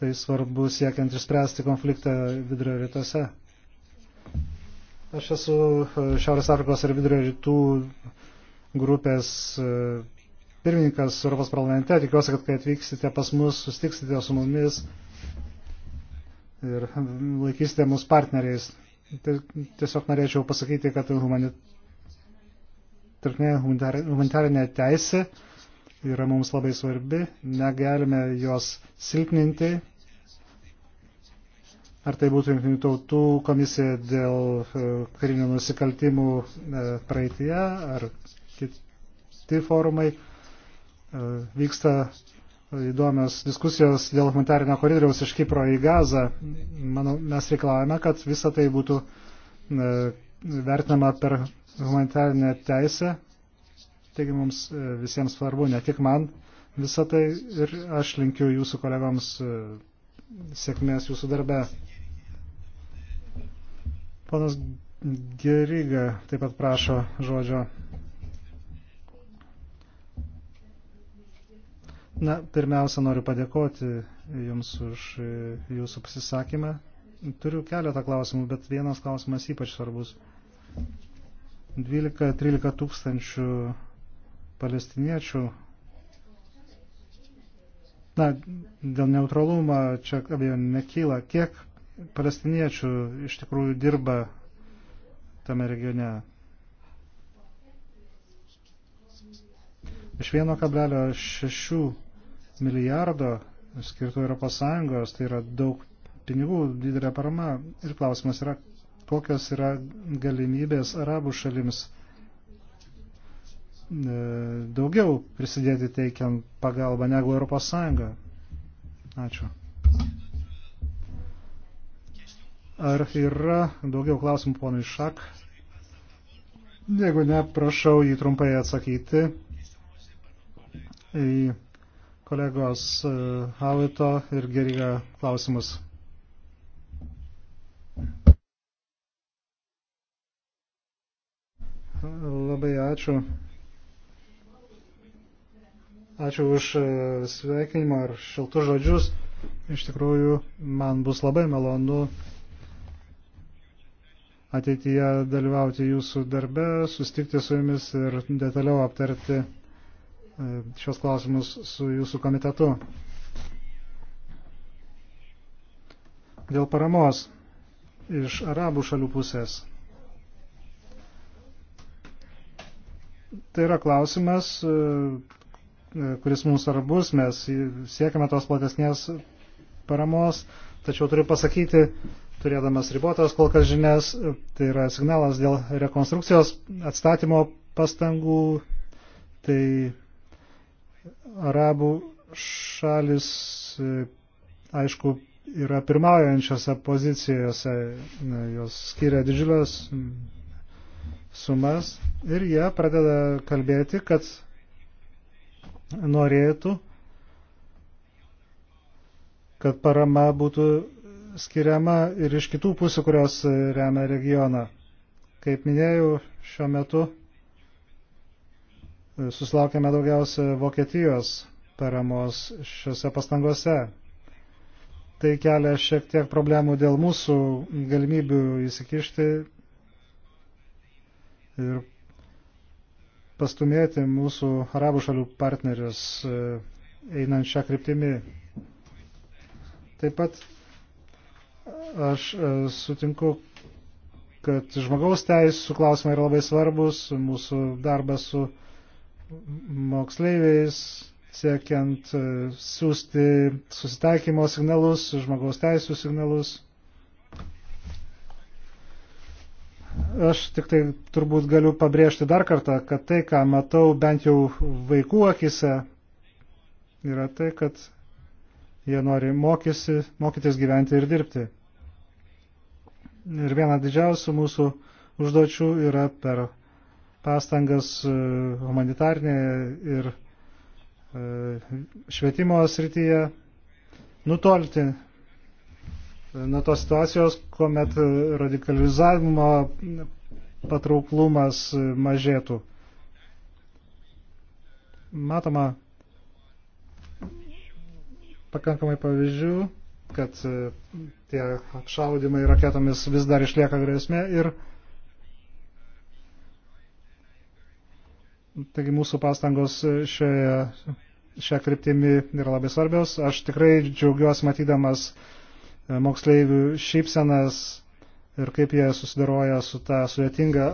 tai svarbu siekiant išspręsti konfliktą vidurio rytuose. Aš esu e, Šiaurės Afrikos ir vidurio rytų grupės e, pirmininkas Europos parlamente. Tikiuosi, kad kai atvyksite pas mus, sustiksite su mumis ir laikysite mus partneriais. Tai tiesiog norėčiau pasakyti, kad humanit... humanitarinė teisė yra mums labai svarbi, negalime jos silpninti. Ar tai būtų jungtinių tautų komisija dėl e, karinių nusikaltimų e, praeitie, ar kiti forumai e, vyksta įdomios diskusijos dėl humanitarinio koridoriaus iš Kipro į Gazą. Manau, mes reikalavome, kad visa tai būtų e, vertinama per humanitarinę teisę. Taigi mums e, visiems svarbu, ne tik man visą tai ir aš linkiu jūsų kolegams e, sėkmės jūsų darbe. Ponas Geriga taip pat prašo žodžio. Na, pirmiausia, noriu padėkoti Jums už e, Jūsų pasisakymą. Turiu keletą klausimų, bet vienas klausimas ypač svarbus. 12-13 tūkstančių palestiniečių. Na, dėl neutralumo čia abejonių nekyla. Kiek palestiniečių iš tikrųjų dirba tame regione? Iš 1,6 milijardo skirtų ES, tai yra daug pinigų, didelė parama. Ir klausimas yra, kokios yra galimybės arabų šalims e, daugiau prisidėti teikiant pagalbą negu ES. Ačiū. Ar yra daugiau klausimų ponui Šak? Jeigu ne, prašau jį trumpai atsakyti į kolegos e, Havito ir Geriga klausimus. Labai ačiū. Ačiū už e, sveikinimą ar šiltus žodžius. Iš tikrųjų, man bus labai malonu ateityje dalyvauti jūsų darbe, sustikti su jumis ir detaliau aptarti E, šios klausimus su jūsų komitetu. Dėl paramos iš arabų šalių pusės. Tai yra klausimas, e, e, kuris mums svarbus, mes siekime tos platesnės paramos, tačiau turiu pasakyti, turėdamas ribotas kol kas žinias, tai yra signalas dėl rekonstrukcijos atstatymo pastangų, tai arabų šalis, e, aišku, yra pirmaujančiose pozicijose, jos skiria didžiulės sumas ir jie pradeda kalbėti, kad norėtų, kad parama būtų skiriama ir iš kitų pusių, kurios remia regioną. Kaip minėjau, šiuo metu susilaukėme daugiausia Vokietijos paramos šiuose pastangose. Tai kelia šiek tiek problemų dėl mūsų galimybių įsikišti ir pastumėti mūsų arabų šalių partnerius e, einant šią kryptimį. Taip pat e, aš e, sutinku, kad žmogaus teisų klausimai yra labai svarbus, mūsų darbas su moksleiviais, siekiant e, siūsti susitaikymo signalus, žmogaus teisų signalus. Aš tik tai turbūt galiu pabrėžti dar kartą, kad tai, ką matau bent jau vaikų akise, yra tai, kad jie nori mokysi, mokytis gyventi ir dirbti. Ir viena didžiausių mūsų užduočių yra per pastangas e, humanitarnėje ir e, švietimo srityje nutolti e, nuo tos situacijos, kuomet radikalizavimo patrauklumas mažėtų. Matoma pakankamai pavyzdžių, kad tie apšaudimai raketomis vis dar išlieka grėsmė ir Taigi mūsų pastangos šioje, šią kryptimį yra labai svarbios. Aš tikrai džiaugiuosi matydamas e, moksleivių šypsenas ir kaip jie susidaroja su tą sudėtingą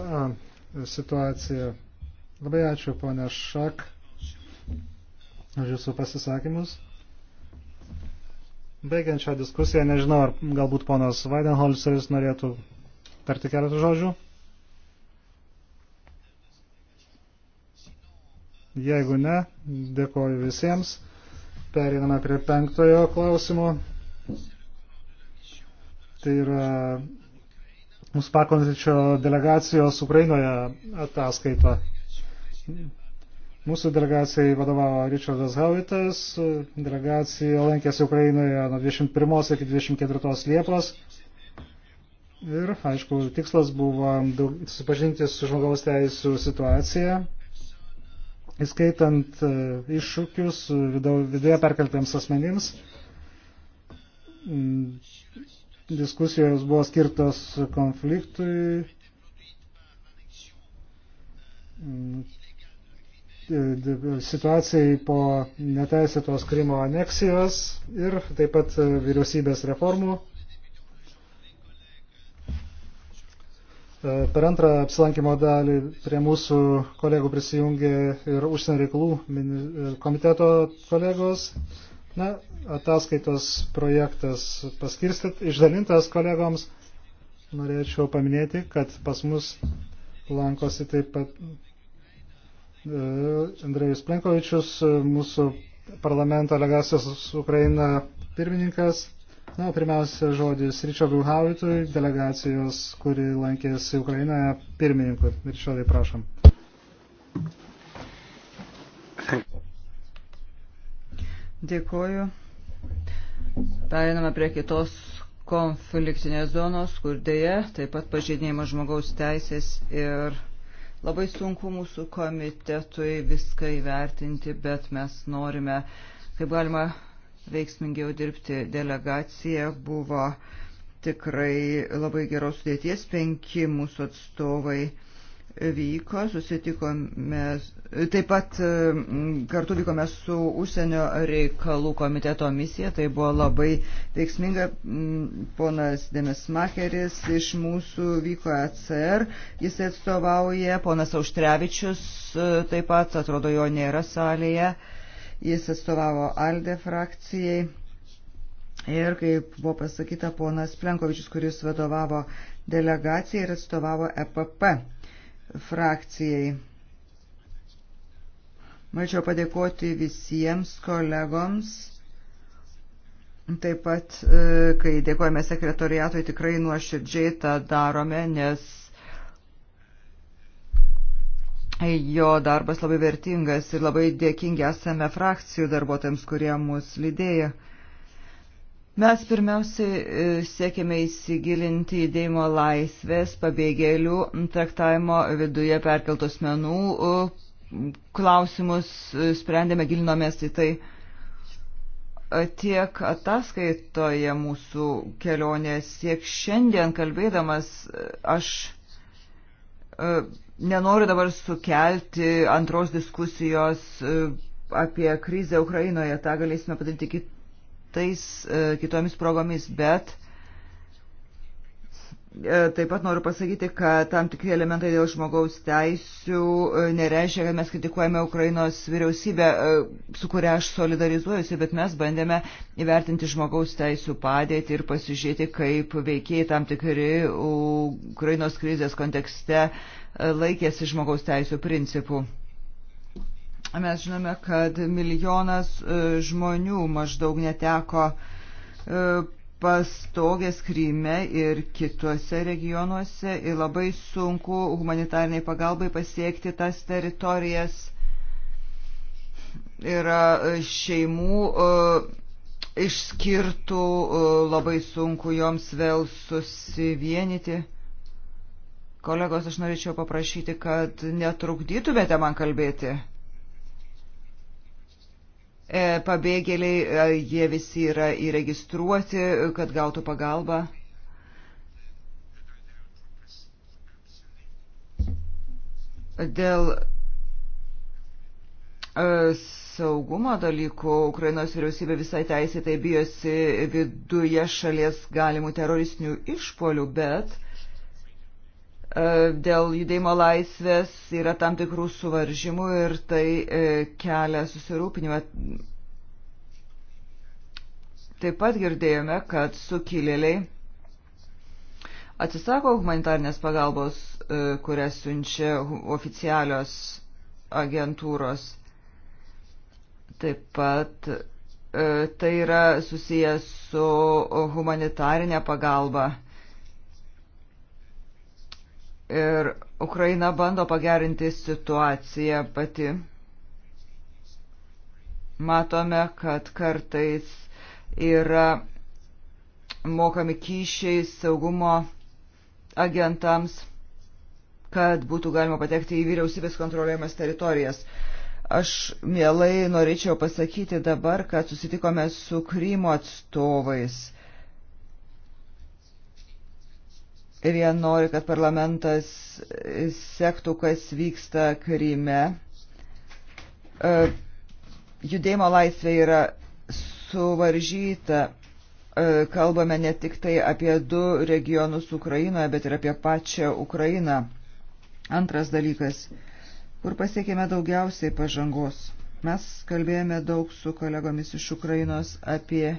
situaciją. Labai ačiū, ponė Šak, už jūsų pasisakymus. Baigiant šią diskusiją, nežinau, ar galbūt ponas Vaidenholzeris norėtų tarti keletą žodžių. Jeigu ne, dėkoju visiems. Periname prie penktojo klausimo. Tai yra mūsų pakontričio delegacijos Ukrainoje ataskaita. Mūsų delegacijai vadovavo Richardas Havitas, delegacija lankėsi Ukrainoje nuo 21 iki 24 Liepos. Ir, aišku, tikslas buvo daug, susipažinti su žmogaus teisų situacija įskaitant e, iššūkius e, viduje perkeltiems asmenims. Mm, diskusijos buvo skirtos konfliktui, mm, e, situacijai po neteisėtos Krymo aneksijos ir taip pat vyriausybės reformų E, per antrą apsilankimo dalį prie mūsų kolegų prisijungė ir užsienio reikalų e, komiteto kolegos. Na, ataskaitos projektas paskirstit, išdalintas kolegoms. Norėčiau paminėti, kad pas mus lankosi taip pat e, Andrejus Plenkovičius, mūsų parlamento legacijos su Ukraina pirmininkas Na, pirmiausia, žodis Richardui Hauitui, delegacijos, kuri lankėsi Ukrainoje, pirmininkui. Richardai, prašom. Dėkuoju. Periname prie kitos konfliktinės zonos, kur dėja taip pat pažydėjimas žmogaus teisės ir labai sunku mūsų komitetui viską įvertinti, bet mes norime kaip galima veiksmingiau dirbti. Delegacija buvo tikrai labai geros sudėties, penki mūsų atstovai vyko, susitikome, taip pat kartu vykome su užsienio reikalų komiteto misija, tai buvo labai veiksminga, ponas Demismakeris iš mūsų vyko ECR, jis atstovauja, ponas Auštrevičius e, taip pat, atrodo, jo nėra salėje. Jis atstovavo Alde frakcijai. Ir kaip buvo pasakyta, ponas Plenkovičius, kuris vadovavo delegacijai ir atstovavo EPP frakcijai. Norėčiau padėkoti visiems kolegoms. Taip pat, e, kai dėkojame sekretoriatui, tikrai nuoširdžiai tą darome, nes Jo darbas labai vertingas ir labai dėkingi esame frakcijų darbuotojams, kurie mus lydėjo. Mes pirmiausiai e, siekėme įsigilinti įdėjimo laisvės, pabėgėlių, traktavimo viduje perkeltos menų e, klausimus, e, sprendėme, gilinomės į tai tiek ataskaitoje mūsų kelionės, tiek šiandien kalbėdamas aš nenoriu dabar sukelti antros diskusijos e, apie krizę Ukrainoje, tą galėsime padaryti kitais, e, kitomis progomis, bet e, taip pat noriu pasakyti, kad tam tikri elementai dėl žmogaus teisių nereiškia, kad mes kritikuojame Ukrainos vyriausybę, su kuria aš solidarizuojusi, bet mes bandėme įvertinti žmogaus teisų padėtį ir pasižiūrėti, kaip veikiai tam tikri Ukrainos krizės kontekste laikėsi žmogaus teisų principų. Mes žinome, kad milijonas e, žmonių maždaug neteko e, pastogės Kryme ir kitose regionuose ir labai sunku humanitarniai pagalbai pasiekti tas teritorijas. Yra e, šeimų išskirtų, labai sunku joms vėl susivienyti. Kolegos, aš norėčiau paprašyti, kad netrukdytumėte man kalbėti. E, pabėgėliai, e, jie visi yra įregistruoti, kad gautų pagalbą. Dėl e, saugumo dalykų Ukrainos vyriausybė visai teisėtai bijosi viduje šalies galimų teroristinių išpolių, bet E, dėl judėjimo laisvės yra tam tikrų suvaržymų ir tai e, kelia susirūpinimą. Taip pat girdėjome, kad sukilėliai atsisako humanitarnės pagalbos, e, kurias siunčia oficialios agentūros. Taip pat tai yra susijęs su humanitarinė pagalba Ir Ukraina bando pagerinti situaciją pati. Matome, kad kartais yra mokami kyšiai saugumo agentams, kad būtų galima patekti į vyriausybės kontroliuojamas teritorijas. Aš mielai norėčiau pasakyti dabar, kad susitikome su Krymo atstovais Vien nori, kad parlamentas sektų, kas vyksta Kryme. E, judėjimo laisvė yra suvaržyta. E, kalbame ne tik tai apie du regionus Ukrainoje, bet ir apie pačią Ukrainą. Antras dalykas, kur pasiekėme daugiausiai pažangos. Mes kalbėjome daug su kolegomis iš Ukrainos apie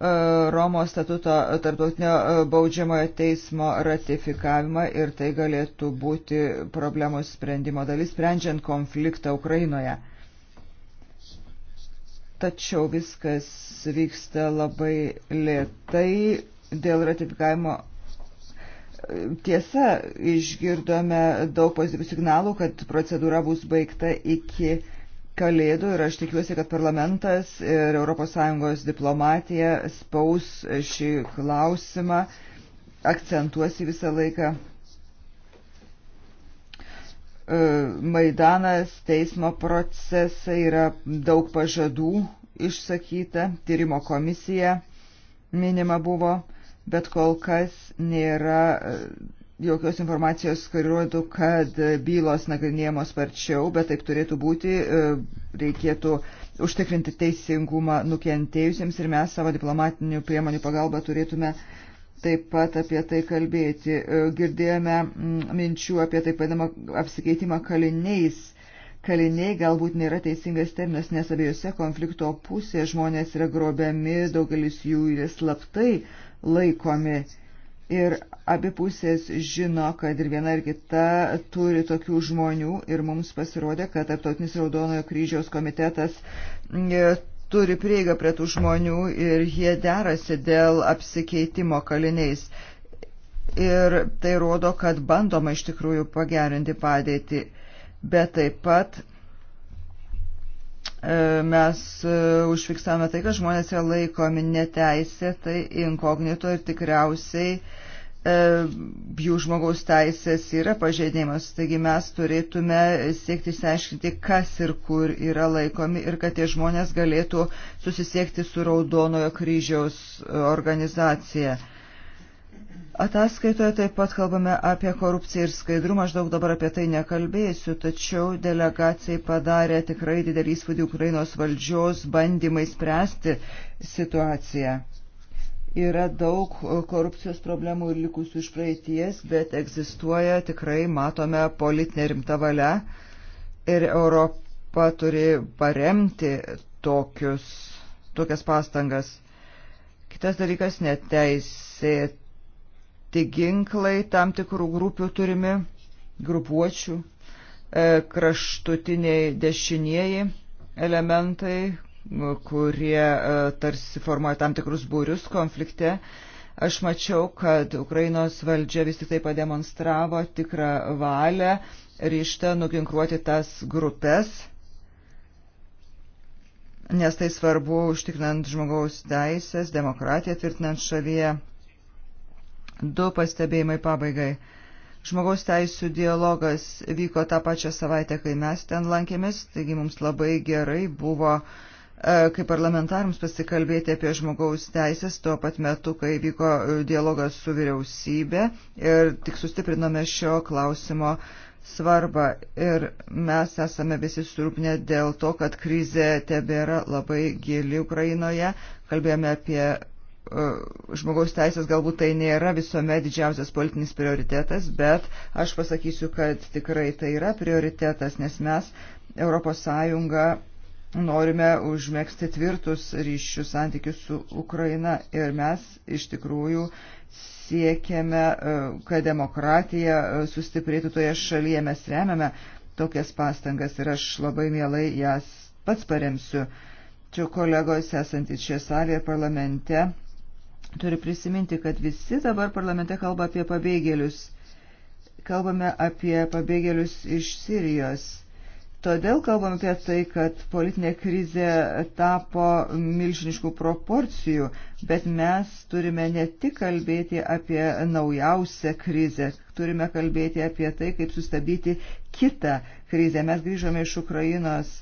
E, Romos statuto tarptautinio e, baudžiamojo teismo ratifikavimą ir tai galėtų būti problemų sprendimo dalis, sprendžiant konfliktą Ukrainoje. Tačiau viskas vyksta labai lėtai dėl ratifikavimo. E, tiesa, išgirdome daug pozityvių signalų, kad procedūra bus baigta iki kalėdų ir aš tikiuosi, kad parlamentas ir ES diplomatija spaus šį klausimą, akcentuosi visą laiką. E, Maidanas, teismo procesai yra daug pažadų išsakyta, tyrimo komisija minima buvo, bet kol kas nėra jokios informacijos, kuri rodytų, kad bylos nagrinėjamos sparčiau, bet taip turėtų būti, e, reikėtų užtikrinti teisingumą nukentėjusiems ir mes savo diplomatinių priemonių pagalbą turėtume taip pat apie tai kalbėti. E, girdėjome mm, minčių apie taip vadinamą apsikeitimą kaliniais. Kaliniai galbūt nėra teisingas terminas, nes abiejose konflikto pusėje žmonės yra grobiami, daugelis jų yra slaptai laikomi Ir abi pusės žino, kad ir viena ir kita turi tokių žmonių ir mums pasirodė, kad Tarptautinis Raudonojo kryžiaus komitetas e, turi prieigą prie tų žmonių ir jie derasi dėl apsikeitimo kaliniais. Ir tai rodo, kad bandoma iš tikrųjų pagerinti padėtį, bet taip pat E, mes e, užfiksavome tai, kad žmonės yra laikomi neteisė, tai inkognito ir tikriausiai e, jų žmogaus teisės yra pažeidimas. Taigi mes turėtume siekti išsiaiškinti, kas ir kur yra laikomi ir kad tie žmonės galėtų susisiekti su Raudonojo kryžiaus organizacija. Ataskaitoje taip pat kalbame apie korupciją ir skaidrumą, aš daug dabar apie tai nekalbėsiu, tačiau delegacijai padarė tikrai didelį įspūdį Ukrainos valdžios bandymai spręsti situaciją. Yra daug korupcijos problemų ir likusių iš praeities, bet egzistuoja tikrai, matome, politinė rimta valia ir Europa turi paremti tokius, tokias pastangas. Kitas dalykas neteisėt naudoti ginklai tam tikrų grupių turimi, grupuočių, e, kraštutiniai dešinieji elementai, kurie e, tarsi formuoja tam tikrus būrius konflikte. Aš mačiau, kad Ukrainos valdžia vis tik tai pademonstravo tikrą valią ryštą nuginkruoti tas grupės, nes tai svarbu užtikrinant žmogaus teisės, demokratiją tvirtinant šalyje Du pastebėjimai pabaigai. Žmogaus teisų dialogas vyko tą pačią savaitę, kai mes ten lankėmės, taigi mums labai gerai buvo e, kaip parlamentarams pasikalbėti apie žmogaus teisės tuo pat metu, kai vyko e, dialogas su vyriausybė ir tik sustiprinome šio klausimo svarbą ir mes esame visi surūpnę dėl to, kad krizė tebėra labai gili Ukrainoje. Kalbėjome apie E, žmogaus teisės galbūt tai nėra visuomet didžiausias politinis prioritetas, bet aš pasakysiu, kad tikrai tai yra prioritetas, nes mes ES norime užmėgsti tvirtus ryšius santykius su Ukraina ir mes iš tikrųjų siekiame, e, kad demokratija e, sustiprėtų toje šalyje, mes remiame tokias pastangas ir aš labai mielai jas pats paremsiu. Čia kolegos esantys šioje salėje parlamente turi prisiminti, kad visi dabar parlamente kalba apie pabėgėlius. Kalbame apie pabėgėlius iš Sirijos. Todėl kalbam apie tai, kad politinė krizė tapo milžiniškų proporcijų, bet mes turime ne tik kalbėti apie naujausią krizę, turime kalbėti apie tai, kaip sustabdyti kitą krizę. Mes grįžome iš Ukrainos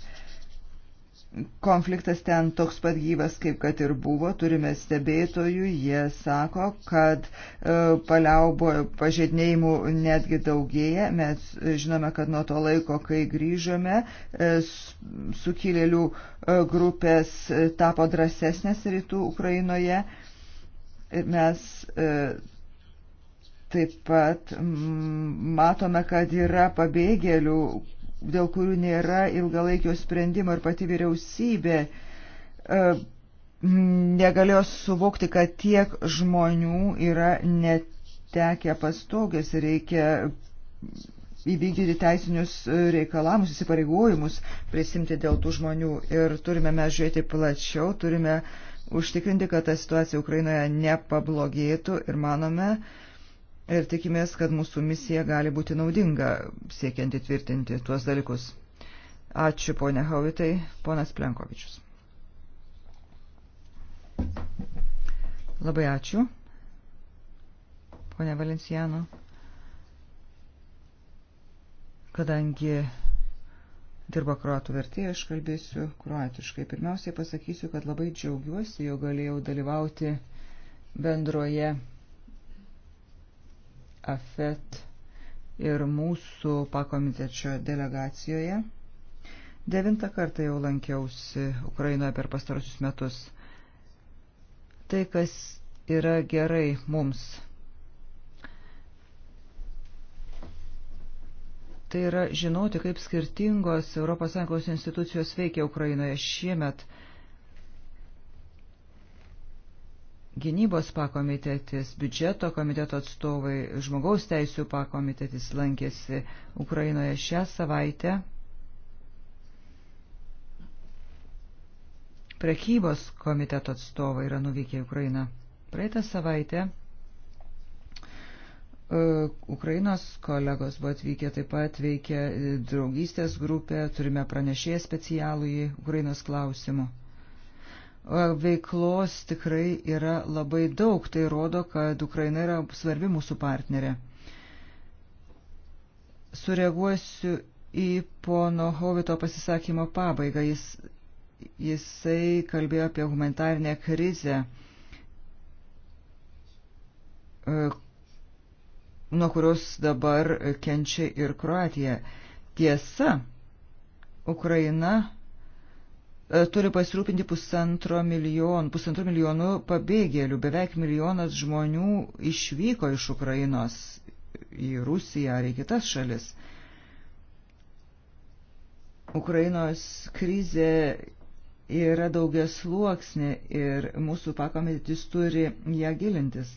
konfliktas ten toks pat gyvas, kaip kad ir buvo. Turime stebėtojų, jie sako, kad e, paliaubo pažeidinėjimų netgi daugėja. Mes žinome, kad nuo to laiko, kai grįžome, e, sukilėlių e, grupės tapo drąsesnės rytų Ukrainoje. Mes taip pat matome, kad yra pabėgėlių dėl kurių nėra ilgalaikio sprendimo ir pati vyriausybė e, negalėjo suvokti, kad tiek žmonių yra netekę pastogės ir reikia įvykdyti teisinius reikalavimus, įsipareigojimus prisimti dėl tų žmonių. Ir turime mes žiūrėti plačiau, turime užtikrinti, kad ta situacija Ukrainoje nepablogėtų ir manome, ir tikimės, kad mūsų misija gali būti naudinga siekiant įtvirtinti tuos dalykus. Ačiū, ponė Hauvitai, ponas Plenkovičius. Labai ačiū, ponė Valencijano, kadangi dirba kruatų vertėja, aš kalbėsiu kruatiškai. Pirmiausiai pasakysiu, kad labai džiaugiuosi, jo galėjau dalyvauti bendroje AFET ir mūsų pakomitečio delegacijoje. Devintą kartą jau lankiausi Ukrainoje per pastarusius metus. Tai, kas yra gerai mums, tai yra žinoti, kaip skirtingos ES institucijos veikia Ukrainoje šiemet. gynybos pakomitetis, biudžeto komiteto atstovai, žmogaus teisų pakomitetis lankėsi Ukrainoje šią savaitę. Prekybos komiteto atstovai yra nuvykę į Ukrainą. Praeitą savaitę e, Ukrainos kolegos buvo atvykę, taip pat veikia e, draugystės grupė, turime pranešėją specialų į Ukrainos klausimų veiklos tikrai yra labai daug. Tai rodo, kad Ukraina yra svarbi mūsų partnerė. Sureaguosiu į pono Hovito pasisakymo pabaigą. Jis, jisai kalbėjo apie humanitarinę krizę, e, nuo kurios dabar kenčia ir Kroatija. Tiesa, Ukraina E, turi pasirūpinti pusantro milijonų, pusantro milijonų pabėgėlių. Beveik milijonas žmonių išvyko iš Ukrainos į Rusiją ar į kitas šalis. Ukrainos krizė yra daugias luoksnė ir mūsų pakomitis turi ją gilintis.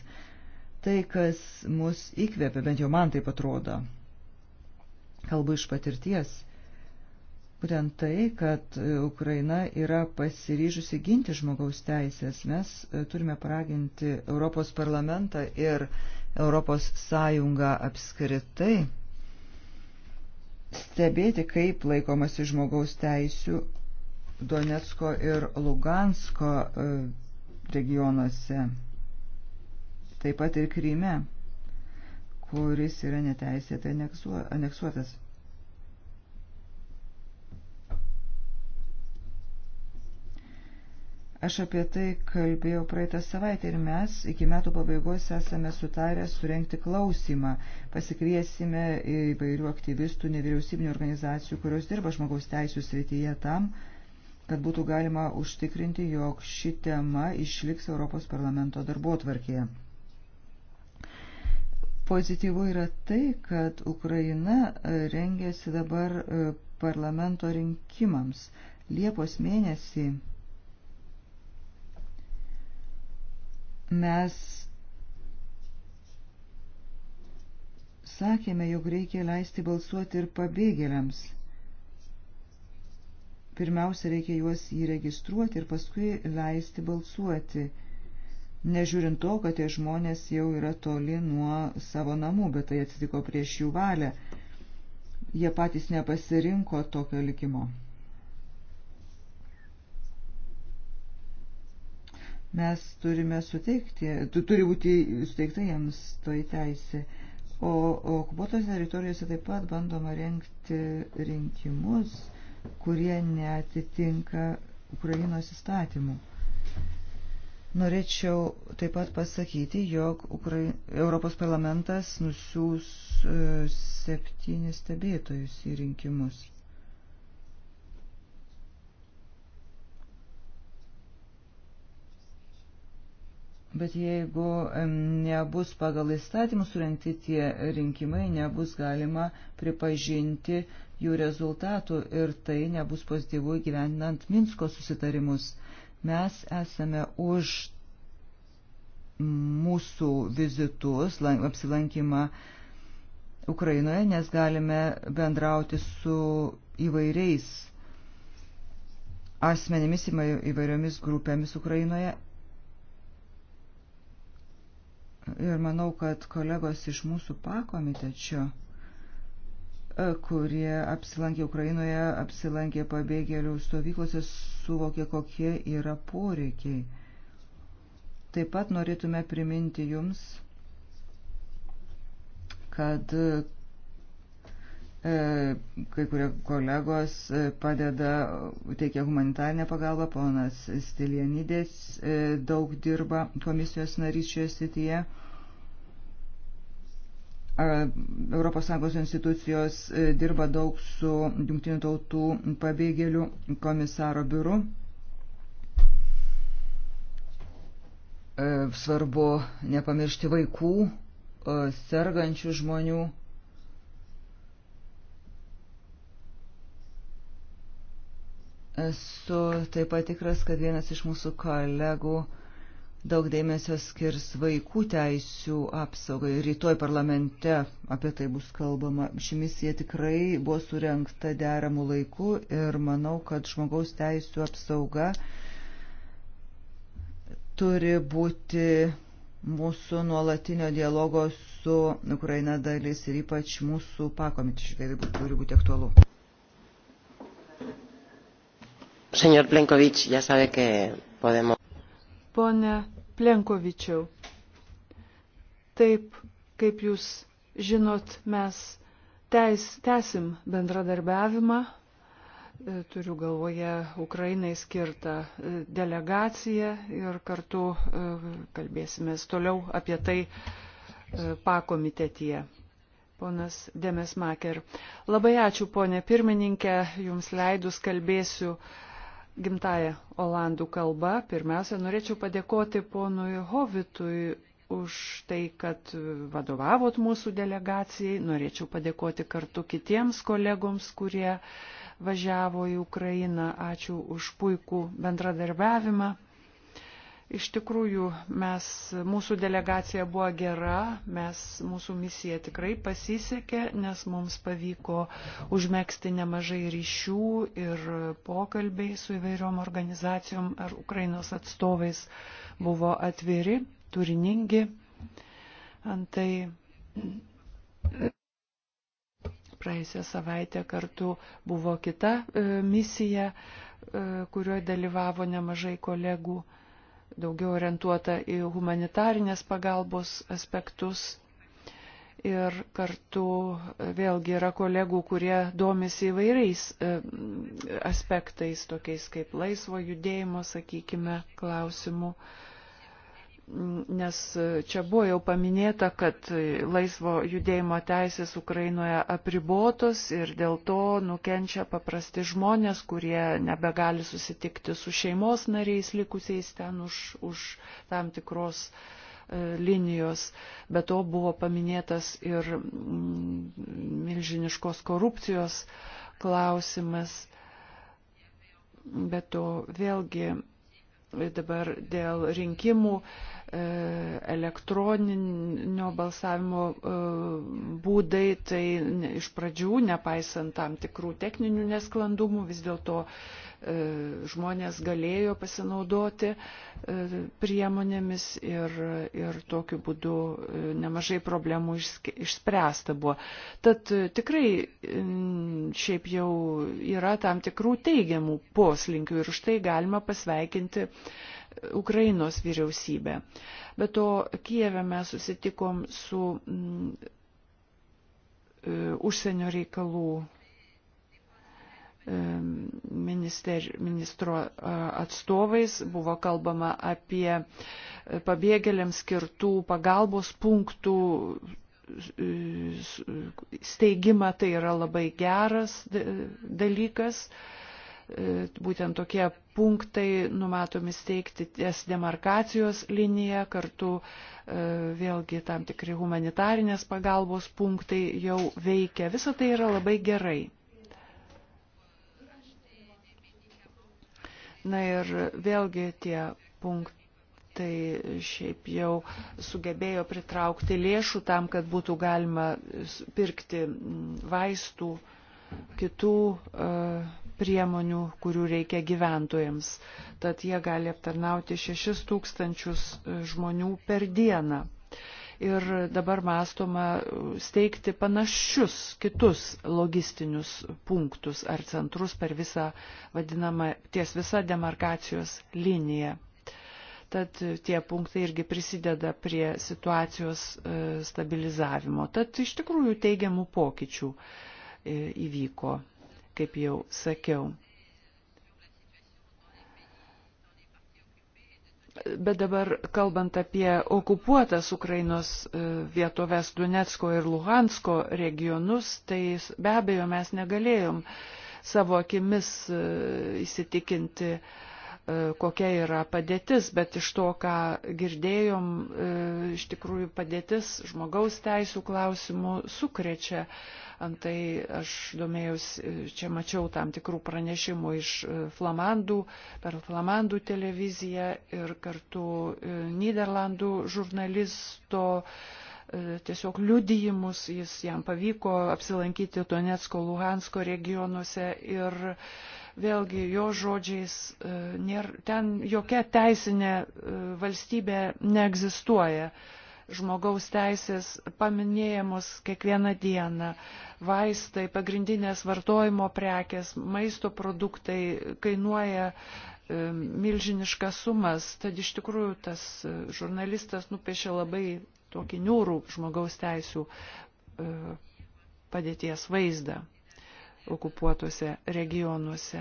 Tai, kas mus įkvėpia, bent jau man tai atrodo. Kalbu iš patirties būtent tai, kad e, Ukraina yra pasiryžusi ginti žmogaus teisės. Mes e, turime paraginti Europos parlamentą ir Europos sąjungą apskritai stebėti, kaip laikomasi žmogaus teisių Donetsko ir Lugansko e, regionuose, taip pat ir Kryme, kuris yra neteisėtai aneksuotas. Aš apie tai kalbėjau praeitą savaitę ir mes iki metų pabaigos esame sutarę surenkti klausimą. Pasikviesime įvairių aktyvistų, nevyriausybinių organizacijų, kurios dirba žmogaus teisų srityje tam, kad būtų galima užtikrinti, jog ši tema išliks Europos parlamento darbo tvarkėje. Pozityvu yra tai, kad Ukraina rengiasi dabar e, parlamento rinkimams. Liepos mėnesį Mes sakėme, jog reikia leisti balsuoti ir pabėgėliams. Pirmiausia, reikia juos įregistruoti ir paskui leisti balsuoti. Nežiūrint to, kad tie žmonės jau yra toli nuo savo namų, bet tai atsitiko prieš jų valią. Jie patys nepasirinko tokio likimo. Mes turime suteikti, turi būti suteikta jiems toj teisė. O okupuotose teritorijose taip pat bandoma renkti rinkimus, kurie neatitinka Ukrainos įstatymų. Norėčiau taip pat pasakyti, jog Ukrai... Europos parlamentas nusiūs e, septynis stebėtojus į rinkimus. Bet jeigu nebus pagal įstatymus surinkti tie rinkimai, nebus galima pripažinti jų rezultatų ir tai nebus pozityvų įgyvendinant Minsko susitarimus. Mes esame už mūsų vizitus, apsilankymą Ukrainoje, nes galime bendrauti su įvairiais asmenimis įvairiomis grupėmis Ukrainoje Ir manau, kad kolegos iš mūsų pakomitečio, e, kurie apsilankė Ukrainoje, apsilankė pabėgėlių stovyklose, suvokė, kokie yra poreikiai. Taip pat norėtume priminti jums, kad E, kai kurie kolegos e, padeda, e, teikia humanitarinę pagalbą, ponas Stilienidės daug dirba komisijos narys šioje srityje. ES institucijos dirba daug su Junktinių tautų pabėgėlių komisaro biuru. Svarbu nepamiršti vaikų, sergančių žmonių Esu taip pat tikras, kad vienas iš mūsų kolegų daug dėmesio skirs vaikų teisių apsaugai. Rytoj parlamente apie tai bus kalbama. Ši misija tikrai buvo surenkta deramų laikų ir manau, kad žmogaus teisių apsauga turi būti mūsų nuolatinio dialogo su Ukraina dalis ir ypač mūsų pakomitė. Šitai turi būti aktualu. Señor Plenkovič, ya sabe que podemos. Pone Plenkovičiau, taip kaip jūs žinot, mes teis, tesim bendradarbiavimą. E, turiu galvoje Ukrainai skirtą e, delegaciją ir kartu e, kalbėsime toliau apie tai pakomitetyje. Ponas Demesmaker. Labai ačiū, ponė pirmininkė, jums leidus kalbėsiu uh, gimtają olandų kalbą. Pirmiausia, norėčiau padėkoti ponui Hovitui už tai, kad vadovavot mūsų delegacijai. Norėčiau padėkoti kartu kitiems kolegoms, kurie važiavo į Ukrainą. Ačiū už puikų bendradarbiavimą. Iš tikrųjų, mes, mūsų delegacija buvo gera, mes, mūsų misija tikrai pasisekė, nes mums pavyko užmėgsti nemažai ryšių ir pokalbiai su įvairiom organizacijom ar Ukrainos atstovais buvo atviri, turiningi. Antai praėjusią savaitę kartu buvo kita e, misija, e, kurioje dalyvavo nemažai kolegų daugiau orientuota į humanitarinės pagalbos aspektus. Ir kartu e, vėlgi yra kolegų, kurie domisi įvairiais e, aspektais, tokiais kaip laisvo judėjimo, sakykime, klausimų nes čia buvo jau paminėta, kad laisvo judėjimo teisės Ukrainoje apribotos ir dėl to nukenčia paprasti žmonės, kurie nebegali susitikti su šeimos nariais likusiais ten už, už tam tikros e, linijos. Be to buvo paminėtas ir mm, milžiniškos korupcijos klausimas. Bet to vėlgi dabar dėl rinkimų E, elektroninio balsavimo e, būdai, tai iš pradžių, nepaisant tam tikrų techninių nesklandumų, vis dėlto e, žmonės galėjo pasinaudoti priemonėmis ir, ir tokiu būdu nemažai problemų išspręsta buvo. Tad tikrai šiaip jau yra tam tikrų teigiamų poslinkių ir už tai galima pasveikinti uh, Ukrainos vyriausybę. Bet to Kijeve mes susitikom su m, mm, e, užsienio reikalų e, minister, ministro atstovais buvo kalbama apie e, pabėgėliams skirtų pagalbos punktų steigimą, tai yra labai geras dalykas. E, būtent tokie punktai numatomi steigti ties demarkacijos linija, kartu e, vėlgi tam tikri humanitarinės pagalbos punktai jau veikia. Visa tai yra labai gerai. Na ir vėlgi tie punktai tai šiaip jau sugebėjo pritraukti lėšų tam, kad būtų galima pirkti vaistų, kitų e, priemonių, kurių reikia gyventojams. Tad jie gali aptarnauti 6 tūkstančius e, žmonių per dieną. Ir dabar mąstoma e, steigti panašius kitus logistinius punktus ar centrus per visą, vadinamą, ties visą demarkacijos liniją tad e, tie punktai irgi prisideda prie situacijos stabilizavimo. Tad iš tikrųjų teigiamų pokyčių įvyko kaip jau sakiau. Bet dabar, kalbant apie okupuotas Ukrainos e, vietovės Donetsko ir Luhansko regionus, tai be abejo mes negalėjom savo akimis e, įsitikinti, uh, E, kokia yra padėtis, bet iš to, ką girdėjom, e, iš tikrųjų padėtis žmogaus teisų klausimų sukrečia. Antai aš domėjus, e, čia mačiau tam tikrų pranešimų iš Flamandų, per Flamandų televiziją ir kartu Niderlandų žurnalisto tiesiog liudijimus, jis jam pavyko apsilankyti Donetsko, Luhansko regionuose ir vėlgi jo žodžiais, e, nėra, ten jokia teisinė e, valstybė neegzistuoja. Žmogaus teisės paminėjamos kiekvieną dieną, vaistai, pagrindinės vartojimo prekės, maisto produktai kainuoja e, milžiniškas sumas, tad iš tikrųjų tas žurnalistas nupiešė labai tokį niūrų žmogaus teisų padėties vaizdą okupuotose regionuose.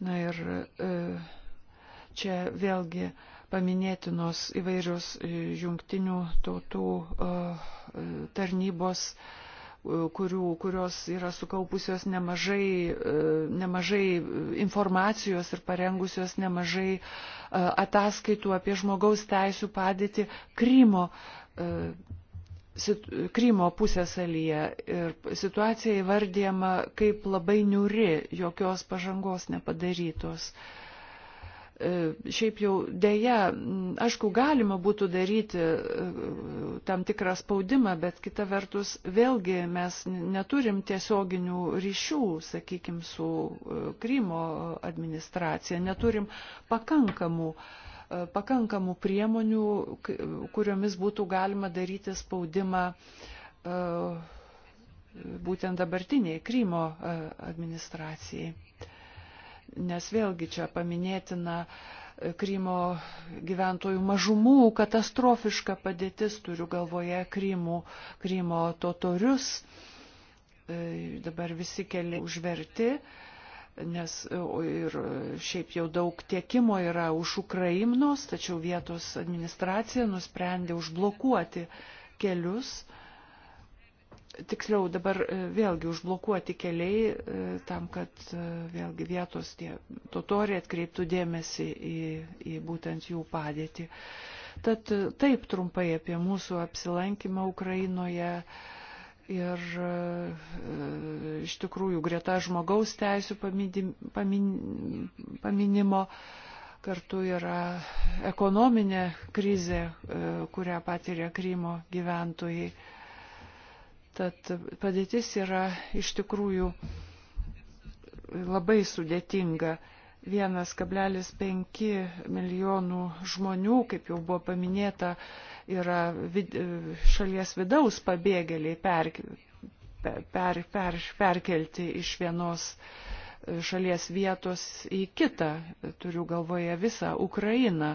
Na ir e, čia vėlgi paminėtinos įvairios e, jungtinių tautų e, tarnybos, kurių, kurios yra sukaupusios nemažai, nemažai informacijos ir parengusios nemažai ataskaitų apie žmogaus teisų padėtį Krymo Krymo pusėsalyje ir situacija įvardyjama kaip labai niuri, jokios pažangos nepadarytos. E, šiaip jau dėja, aišku, galima būtų daryti e, tam tikrą spaudimą, bet kita vertus, vėlgi mes neturim tiesioginių ryšių, sakykime, su e, Krymo administracija, neturim pakankamų uh, pakankamų priemonių, kuriomis būtų galima daryti spaudimą e, būtent dabartiniai Krymo e, administracijai. Nes vėlgi čia paminėtina e, Krymo gyventojų mažumų katastrofiška padėtis, turiu galvoje Krymo, Krymo totorius, dabar visi keli užverti nes e, ir e, šiaip jau daug tiekimo yra už Ukrainos, tačiau vietos administracija nusprendė užblokuoti kelius. Tiksliau dabar e, vėlgi užblokuoti keliai tam, kad vėlgi vietos tie totoriai atkreiptų dėmesį į, į būtent jų padėtį. Tad taip trumpai apie mūsų apsilankymą Ukrainoje Ir e, iš tikrųjų greta žmogaus teisų pamidim, pamin, paminimo kartu yra ekonominė krizė, e, kurią patiria Krymo gyventojai. Tad padėtis yra iš tikrųjų labai sudėtinga. 1,5 milijonų žmonių, kaip jau buvo paminėta, yra vid, šalies vidaus pabėgėliai per, per, per, perkelti iš vienos e, šalies vietos į kitą, turiu galvoje visą Ukrainą,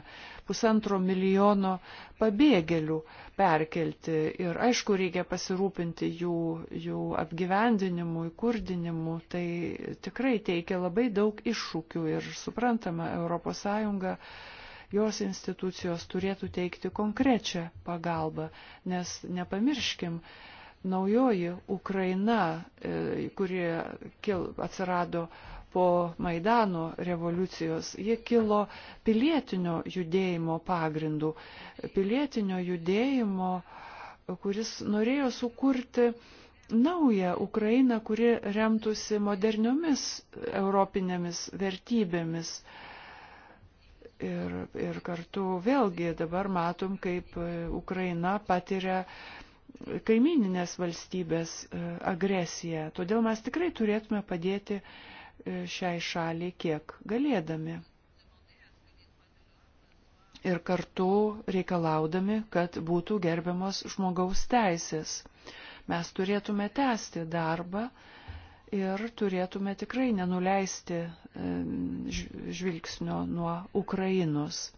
pusantro milijono pabėgėlių perkelti. Ir aišku, reikia pasirūpinti jų, jų apgyvendinimu, įkurdinimu. Tai tikrai teikia labai daug iššūkių ir suprantama, ES jos institucijos turėtų teikti konkrečią pagalbą, nes nepamirškim, naujoji Ukraina, e, kuri atsirado po Maidano revoliucijos, jie kilo pilietinio judėjimo pagrindų, pilietinio judėjimo, kuris norėjo sukurti naują Ukrainą, kuri remtųsi moderniomis europinėmis vertybėmis ir, ir kartu vėlgi dabar matom, kaip e, Ukraina patiria e, kaimininės valstybės e, agresiją. Todėl mes tikrai turėtume padėti šiai šaliai kiek galėdami. Ir kartu reikalaudami, kad būtų gerbiamos žmogaus teisės. Mes turėtume tęsti darbą, ir turėtume tikrai nenuleisti žvilgsnio nuo Ukrainos.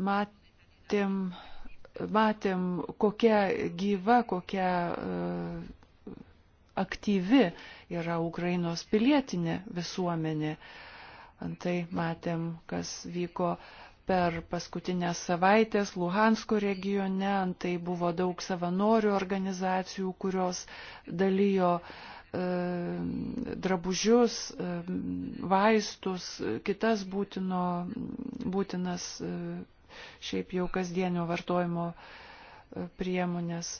Matėm, matėm kokia gyva, kokia e, aktyvi yra Ukrainos pilietinė visuomenė. Antai matėm, kas vyko uh, Per paskutinės savaitės Luhansko regione antai buvo daug savanorių organizacijų, kurios dalijo e, drabužius, e, vaistus, kitas būtino, būtinas e, šiaip jau kasdienio vartojimo priemonės.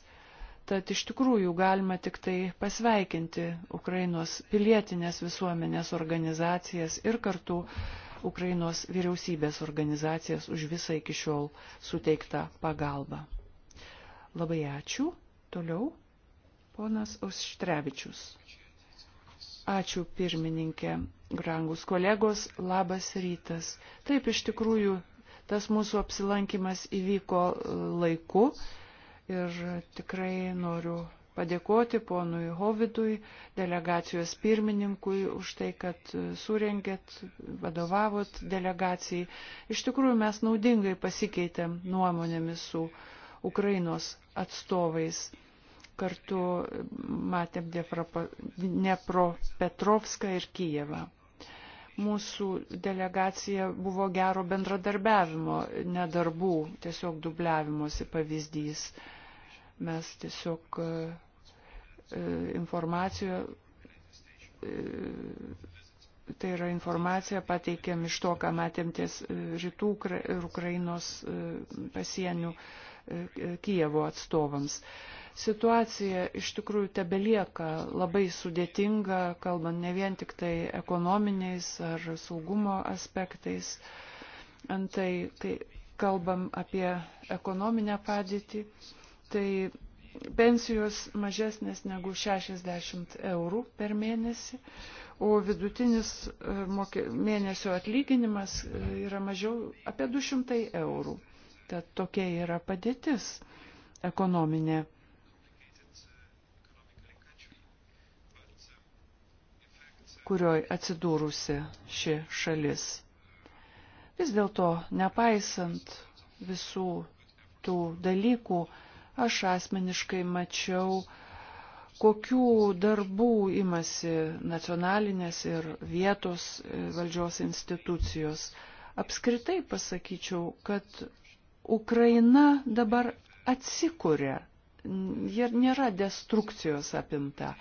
Tad iš tikrųjų galima tik tai pasveikinti Ukrainos pilietinės visuomenės organizacijas ir kartu uh, Ukrainos vyriausybės organizacijas už visą iki šiol suteiktą pagalbą. Labai ačiū. Toliau ponas Ostrevičius. Ačiū pirmininkė, brangus kolegos, labas rytas. Taip iš tikrųjų tas mūsų apsilankimas įvyko laiku ir tikrai noriu padėkoti ponui Hovidui, delegacijos pirmininkui, už tai, kad surengėt, vadovavot delegacijai. Iš tikrųjų, mes naudingai pasikeitėm nuomonėmis su Ukrainos atstovais. Kartu matėm Dnepropetrovską ir Kijevą. Mūsų delegacija buvo gero bendradarbiavimo, nedarbų, tiesiog dubliavimosi pavyzdys mes tiesiog E, informacija, e, tai yra informacija pateikėm iš to, ką matėm ties e, rytų ir Ukrainos pasienių Kijevo atstovams. Situacija iš tikrųjų tebelieka labai sudėtinga, kalbant ne vien tik tai ekonominiais ar saugumo aspektais. Antai, kai kalbam apie ekonominę padėtį, tai pensijos mažesnės negu 60 eurų per mėnesį, o vidutinis e, mėnesio atlyginimas e, yra mažiau apie 200 eurų. Tad tokia yra padėtis ekonominė. kurioj atsidūrusi ši šalis. Vis dėlto, nepaisant visų tų dalykų, Aš asmeniškai mačiau, kokių darbų imasi nacionalinės ir vietos e, valdžios institucijos. Apskritai pasakyčiau, kad Ukraina dabar atsikuria, jie nėra destrukcijos apimta.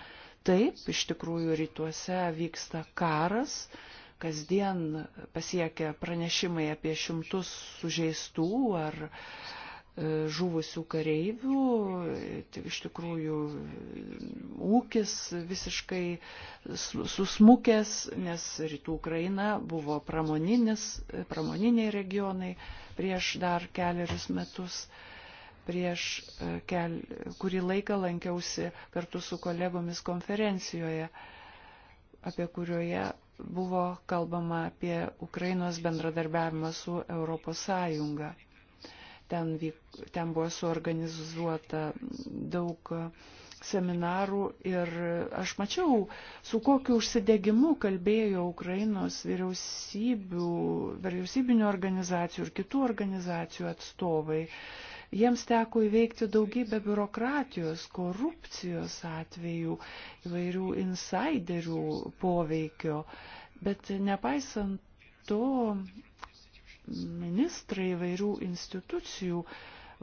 Taip, iš tikrųjų, rytuose vyksta karas, kasdien pasiekia pranešimai apie šimtus sužeistų ar uh, E, žuvusių kareivių, tai iš tikrųjų e, ūkis visiškai susmukęs, nes rytų Ukraina buvo e, pramoniniai regionai prieš dar keliarius metus. Prieš kel, kurį laiką lankiausi kartu su kolegomis konferencijoje, apie kurioje buvo kalbama apie Ukrainos bendradarbiavimą su Europos Sąjunga Ten, vyk, ten buvo suorganizuota daug seminarų ir aš mačiau, su kokiu užsidegimu kalbėjo Ukrainos vyriausybių, vyriausybinio organizacijų ir kitų organizacijų atstovai. Jiems teko įveikti daugybę biurokratijos, korupcijos atvejų, įvairių insiderių poveikio, bet nepaisant to ministrai vairių institucijų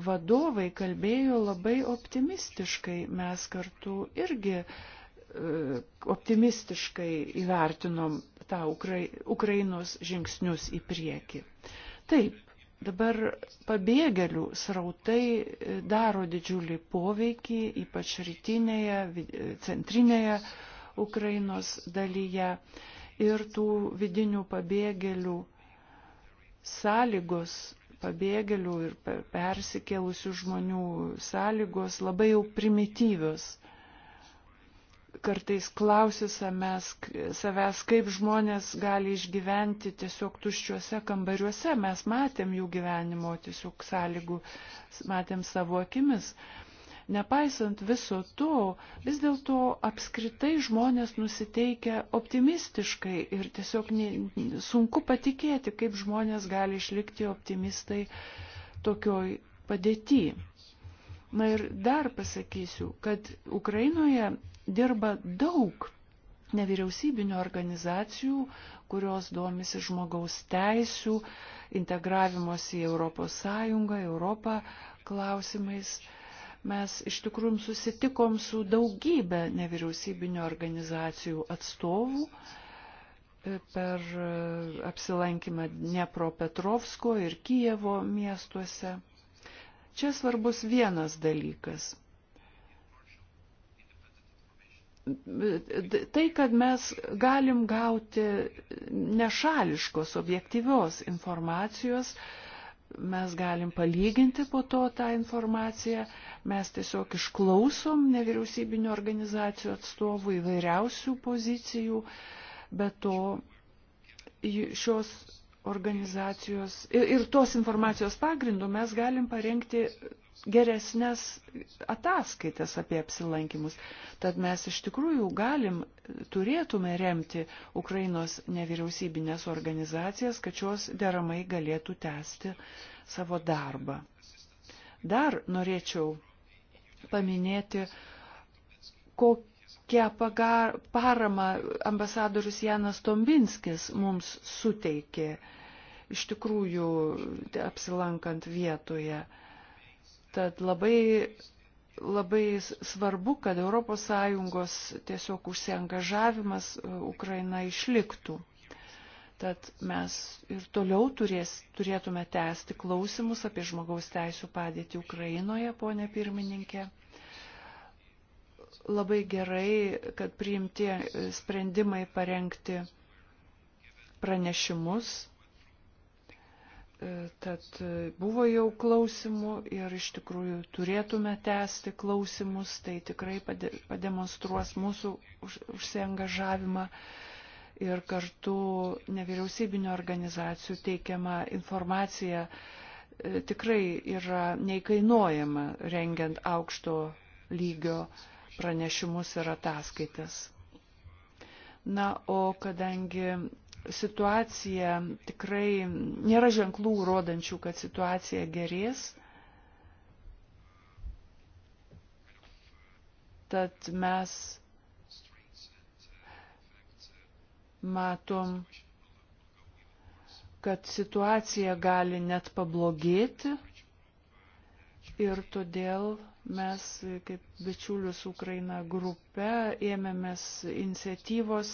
vadovai kalbėjo labai optimistiškai. Mes kartu irgi e, optimistiškai įvertinom tą Ukrai, Ukrainos žingsnius į priekį. Taip, dabar pabėgėlių srautai e, daro didžiulį poveikį, ypač rytinėje, e, centrinėje Ukrainos dalyje. Ir tų vidinių pabėgėlių sąlygos pabėgėlių ir persikėlusių žmonių sąlygos labai jau primityvios. Kartais klausi savęs, kaip žmonės gali išgyventi tiesiog tuščiuose kambariuose. Mes matėm jų gyvenimo tiesiog sąlygų, matėm savo akimis. Uh, Nepaisant viso to, vis dėlto apskritai žmonės nusiteikia optimistiškai ir tiesiog ne, sunku patikėti, kaip žmonės gali išlikti optimistai tokioj padėty. Na ir dar pasakysiu, kad Ukrainoje dirba daug nevyriausybinio organizacijų, kurios domisi žmogaus teisių, integravimosi į ES, Europą klausimais mes iš tikrųjų susitikom su daugybė nevyriausybinio organizacijų atstovų e, per e, apsilankymą Dniepropetrovsko ir Kijevo miestuose. Čia svarbus vienas dalykas. Tai, kad mes galim gauti nešališkos objektyvios informacijos, uh, mes galim palyginti po to tą informaciją, mes tiesiog išklausom nevyriausybinio organizacijų atstovų įvairiausių pozicijų, bet to šios organizacijos ir, ir tos informacijos pagrindų mes galim parengti geresnės ataskaitas apie apsilankimus. Tad mes iš tikrųjų galim turėtume remti Ukrainos nevyriausybinės organizacijas, kad šios deramai galėtų tęsti savo darbą. Dar norėčiau paminėti, kokią paramą ambasadorius Janas Tombinskis mums suteikė, iš tikrųjų apsilankant vietoje. Tad labai labai svarbu, kad ES tiesiog užsiengažavimas e, Ukraina išliktų. Tad mes ir toliau turės, turėtume tęsti klausimus apie žmogaus teisų padėtį Ukrainoje, ponė pirmininkė. Labai gerai, kad priimti e, sprendimai parengti pranešimus Tad buvo jau klausimų ir iš tikrųjų turėtume tęsti klausimus, tai tikrai pademonstruos mūsų užsiengažavimą ir kartu nevyriausybinio organizacijų teikiama informacija e, tikrai yra neįkainuojama rengiant aukšto lygio pranešimus ir ataskaitas. Na, o kadangi situacija tikrai nėra ženklų rodančių, kad situacija gerės. Tad mes matom, kad situacija gali net pablogėti ir todėl mes kaip bičiulius Ukraina grupe ėmėmės iniciatyvos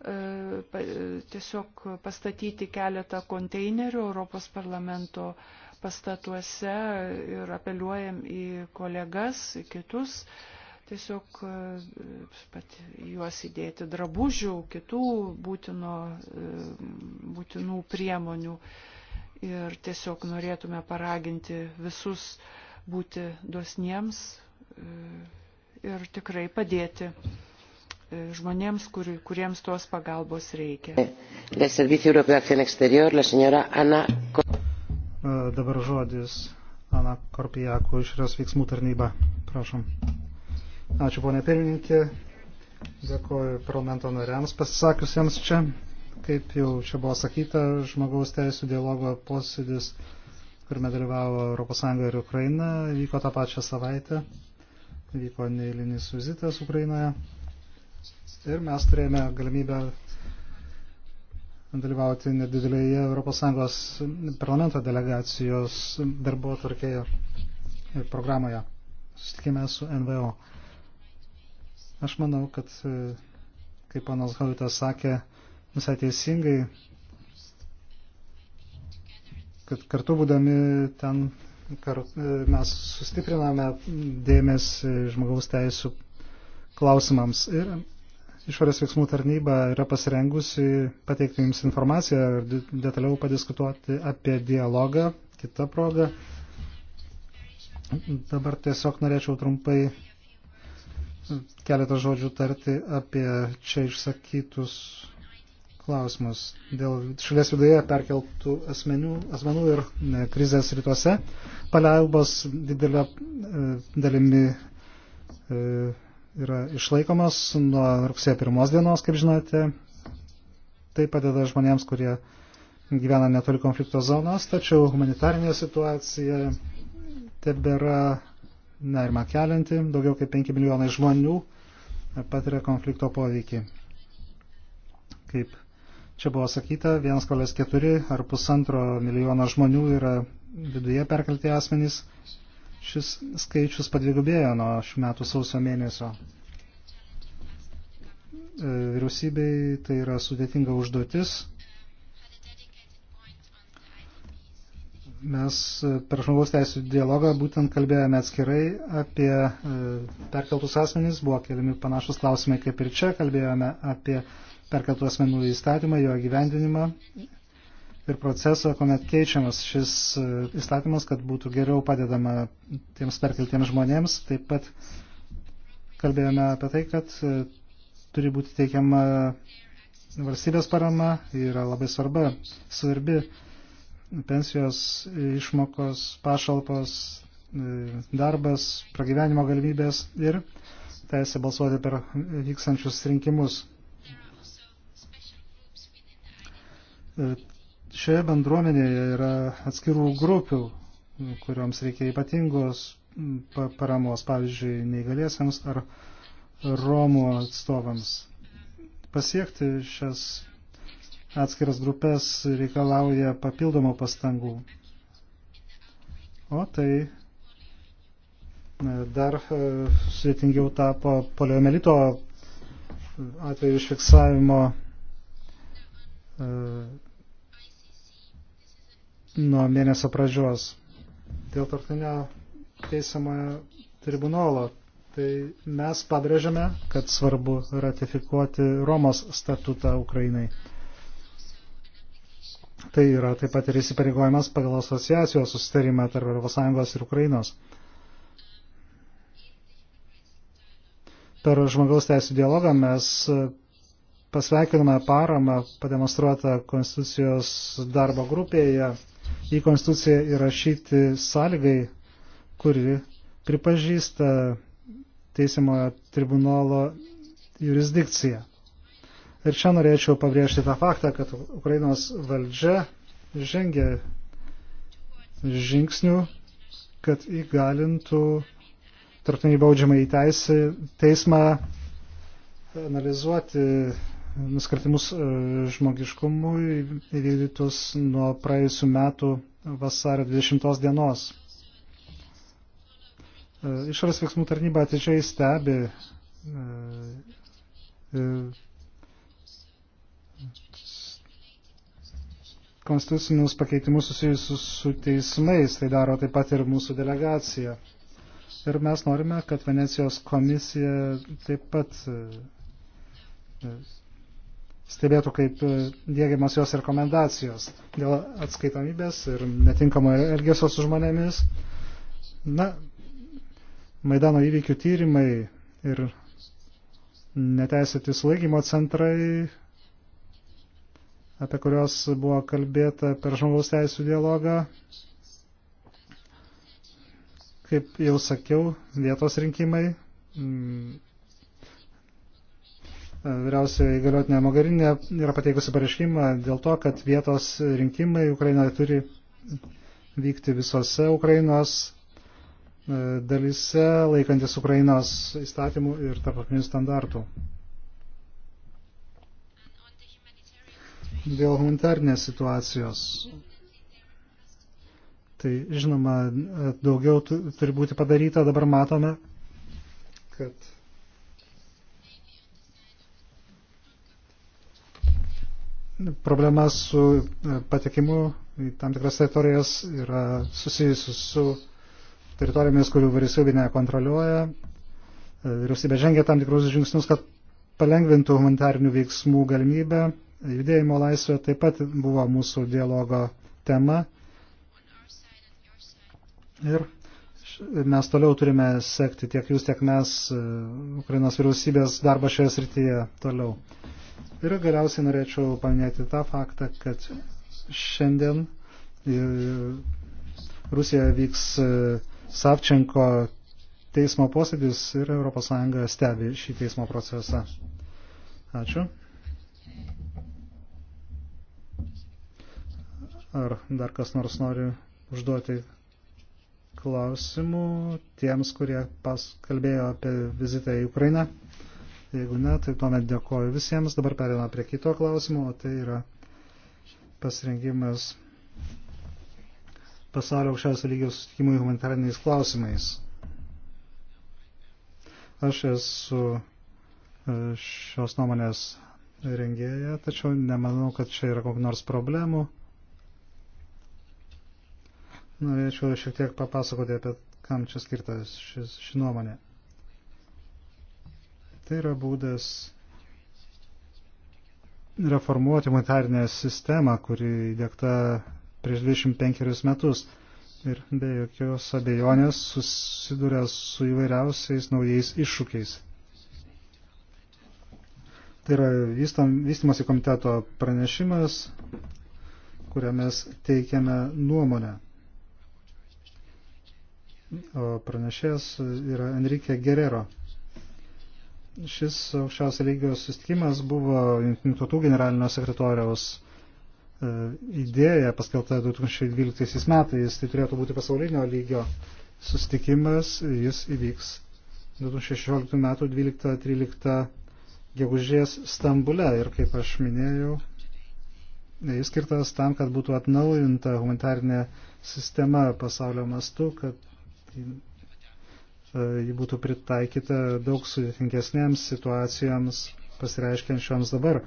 E, tiesiog pastatyti keletą konteinerių Europos parlamento pastatuose ir apeliuojam į kolegas, į kitus, tiesiog e, pat juos įdėti drabužių, kitų būtino, e, būtinų priemonių. Ir tiesiog norėtume paraginti visus būti dosniems ir tikrai padėti žmonėms, kur, kuriems tos pagalbos reikia. E, dabar žodis Ana Korpijakų išrės veiksmų tarnyba. Prašom. Ačiū, ponė pirmininkė. Dėkuoju parlamento nariams pasisakiusiems čia. Kaip jau čia buvo sakyta, žmogaus teisų dialogo posėdis, kuriame dalyvavo ES ir Ukraina, vyko tą pačią savaitę. Vyko neįlinis vizitas Ukrainoje ir mes turėjome galimybę dalyvauti nedidelėje ES parlamento delegacijos darbo tvarkėje ir programoje. Susitikime su NVO. Aš manau, kad, kaip panas Havitas sakė, visai teisingai, kad kartu būdami ten mes sustipriname dėmesį žmogaus teisų klausimams. Ir išorės veiksmų tarnyba yra pasirengusi pateikti jums informaciją ir detaliau padiskutuoti apie dialogą kitą progą. Dabar tiesiog norėčiau trumpai keletą žodžių tarti apie čia išsakytus klausimus dėl šalies viduje perkeltų asmenių, asmenų ir ne, krizės rytuose. Paliaubos didelio e, dalimi e, yra išlaikomas nuo rugsėjo pirmos dienos, kaip žinote. Tai padeda žmonėms, kurie gyvena netoli konflikto zonos, tačiau humanitarinė situacija tebėra nerima kelianti. Daugiau kaip 5 milijonai žmonių patiria konflikto poveikį. Kaip čia buvo sakyta, 1,4 ar pusantro milijono žmonių yra viduje perkelti asmenys Šis skaičius padvigubėjo nuo šių metų sausio mėnesio. E, vyriausybei tai yra sudėtinga užduotis. Mes per žmogaus teisų dialogą būtent kalbėjome atskirai apie e, perkeltus asmenys, buvo keliami panašus klausimai kaip ir čia, kalbėjome apie perkeltų asmenų įstatymą, jo gyvendinimą ir procesą, kuomet keičiamas šis e, įstatymas, kad būtų geriau padedama tiems perkeltiems žmonėms. Taip pat kalbėjome apie tai, kad e, turi būti teikiama valstybės parama, yra labai svarba, svarbi pensijos išmokos, pašalpos, e, darbas, pragyvenimo galimybės ir teisė balsuoti per vykstančius rinkimus šioje bendruomenėje yra atskirų grupių, kuriuoms reikia ypatingos paramos, pavyzdžiui, neįgaliesiams ar Romų atstovams. Pasiekti šias atskiras grupės reikalauja papildomų pastangų. O tai e, dar e, sudėtingiau tapo poliomelito e, atveju išfiksavimo nuo mėnesio pradžios dėl tarptautinio teisimo tribunolo. Tai mes pabrėžiame, kad svarbu ratifikuoti Romos statutą Ukrainai. Tai yra taip pat ir įsipareigojimas pagal asociacijos susitarimą tarp ES ir Ukrainos. Per žmogaus teisų dialogą mes pasveikiname paramą pademonstruotą Konstitucijos darbo grupėje į Konstituciją įrašyti sąlygai, kuri pripažįsta teisimojo tribunolo jurisdikciją. Ir čia norėčiau pabrėžti tą faktą, kad Ukrainos valdžia žengė žingsnių, kad įgalintų tarptautinį baudžiamą į teisę, teismą analizuoti nuskartimus e, žmogiškumui įvykdytus nuo praėjusių metų vasario 20 dienos. E, išorės veiksmų tarnyba atidžiai stebi e, konstitucinius pakeitimus susijusius su teismais, tai daro taip pat ir mūsų delegacija. Ir mes norime, kad Venecijos komisija taip pat stebėtų, kaip e, dėgiamas jos rekomendacijos dėl atskaitomybės ir netinkamo elgesio su žmonėmis. Na, Maidano įvykių tyrimai ir neteisėti sulaikymo centrai, apie kurios buvo kalbėta per žmogaus teisų dialogą. Kaip jau sakiau, vietos rinkimai mm, Vyriausioji įgaliotinė Mogarinė yra pateikusi pareiškimą dėl to, kad vietos rinkimai Ukrainoje turi vykti visose Ukrainos e, dalise, laikantis Ukrainos įstatymų ir tarptautinių standartų. Dėl humanitarnės situacijos. Tai žinoma, daugiau turi būti padaryta, dabar matome, kad problemas su e, patekimu į tam tikras teritorijas yra susijusi su teritorijomis, kurių vyriausybė nekontroliuoja. E, vyriausybė žengia tam tikrus žingsnius, kad palengvintų humanitarinių veiksmų galimybę. Judėjimo laisvė taip pat buvo mūsų dialogo tema. Ir mes toliau turime sekti tiek jūs, tiek mes e, Ukrainos vyriausybės darbą šioje srityje toliau. Ir galiausiai norėčiau paminėti tą faktą, kad šiandien e, Rusija vyks e, Savčenko teismo posėdis ir ES stebi šį teismo procesą. Ačiū. Ar dar kas nors nori užduoti klausimų tiems, kurie paskalbėjo apie vizitą į Ukrainą? Jeigu ne, tai tuomet dėkoju visiems. Dabar perėmame prie kito klausimo, o tai yra pasirengimas pasaulio aukščiausio lygio susitikimui humanitariniais klausimais. Aš esu e, šios nuomonės rengėja, tačiau nemanau, kad čia yra kokių nors problemų. Norėčiau šiek tiek papasakoti apie kam čia skirtas šis, ši nuomonė. Tai yra būdas reformuoti humanitarinę sistemą, kuri įdėkta prieš 25 metus ir be jokios abejonės susiduria su įvairiausiais naujais iššūkiais. Tai yra vystimosi komiteto pranešimas, kurią mes teikiame nuomonę. O pranešės yra Enrique Guerrero. Šis aukščiausio lygio sustikimas buvo Junktinių tautų generalinio sekretoriaus e, idėja paskelbta 2012 metais. Tai turėtų būti pasaulinio lygio sustikimas. Jis įvyks 2016 metų 12-13 gegužės Stambule ir kaip aš minėjau, jis skirtas tam, kad būtų atnaujinta humanitarinė sistema pasaulio mastu, kad E, ji būtų pritaikyta daug sudėtingesnėms situacijoms pasireiškiančioms dabar.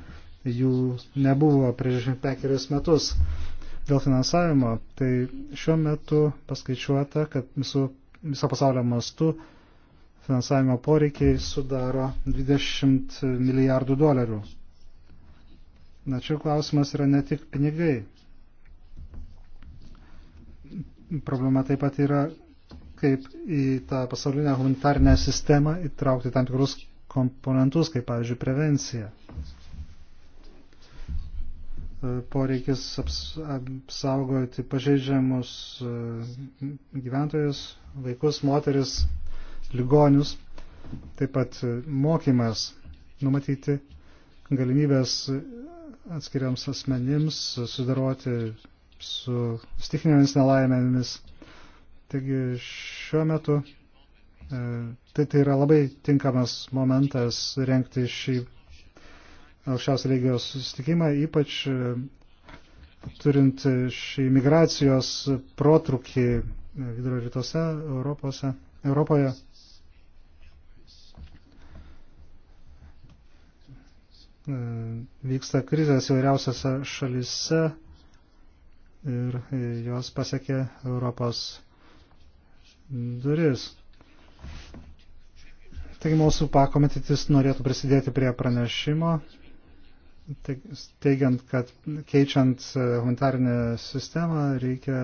Jų nebuvo prieš penkerius metus dėl finansavimo. Tai šiuo metu paskaičiuota, kad viso, viso pasaulio mastu finansavimo poreikiai sudaro 20 milijardų dolerių. Na čia klausimas yra ne tik pinigai. Problema taip pat yra, kaip į tą pasaulinę humanitarinę sistemą įtraukti tam tikrus komponentus, kaip pavyzdžiui prevencija. E, poreikis apsaugoti pažeidžiamus e, gyventojus, vaikus, moteris, ligonius, taip pat e, mokymas, numatyti galimybės atskiriams asmenims sudaroti su stichinėmis nelaimėmis Taigi šiuo metu e, tai, tai yra labai tinkamas momentas renkti šį aukščiausio lygio susitikimą, ypač e, turint šį migracijos protrukį e, vidurio rytuose Europose, Europoje. Vyksta krizės įvairiausiose šalise ir jos pasiekė Europos duris. Taigi mūsų pakomitetis norėtų prisidėti prie pranešimo, tai teigiant, kad keičiant e, humanitarinę sistemą reikia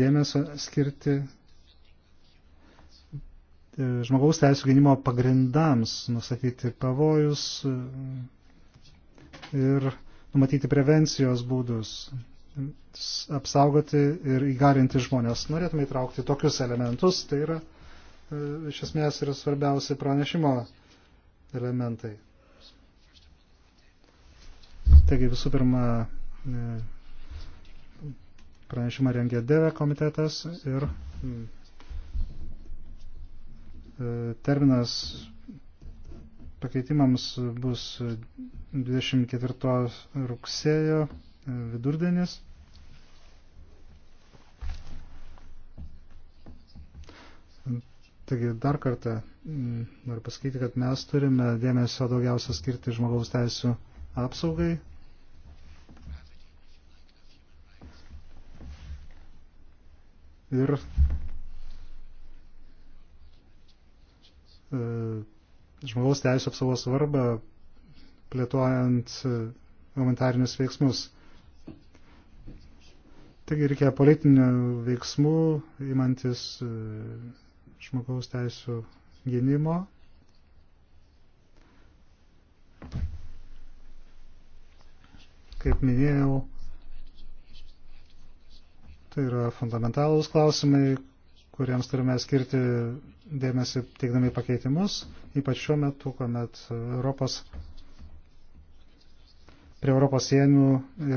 dėmesio skirti e, žmogaus teisų gynimo pagrindams, nustatyti pavojus e, ir numatyti prevencijos būdus apsaugoti ir įgarinti žmonės. Norėtume įtraukti tokius elementus, tai yra e, iš esmės yra svarbiausi pranešimo elementai. Taigi visų pirma, e, pranešimą rengė DV komitetas ir e, terminas pakeitimams bus 24 rugsėjo vidurdienis. Taigi dar kartą mm, noriu pasakyti, kad mes turime dėmesio daugiausia skirti žmogaus teisų apsaugai. Ir e, žmogaus teisų apsaugos svarbą plėtojant e, humanitarinius veiksmus. Taigi reikia politinių veiksmų, imantis e, žmogaus teisų gynimo. Kaip minėjau, tai yra fundamentalūs klausimai, kuriems turime skirti dėmesį teikdami pakeitimus, ypač šiuo metu, kuomet Europos, prie Europos sienų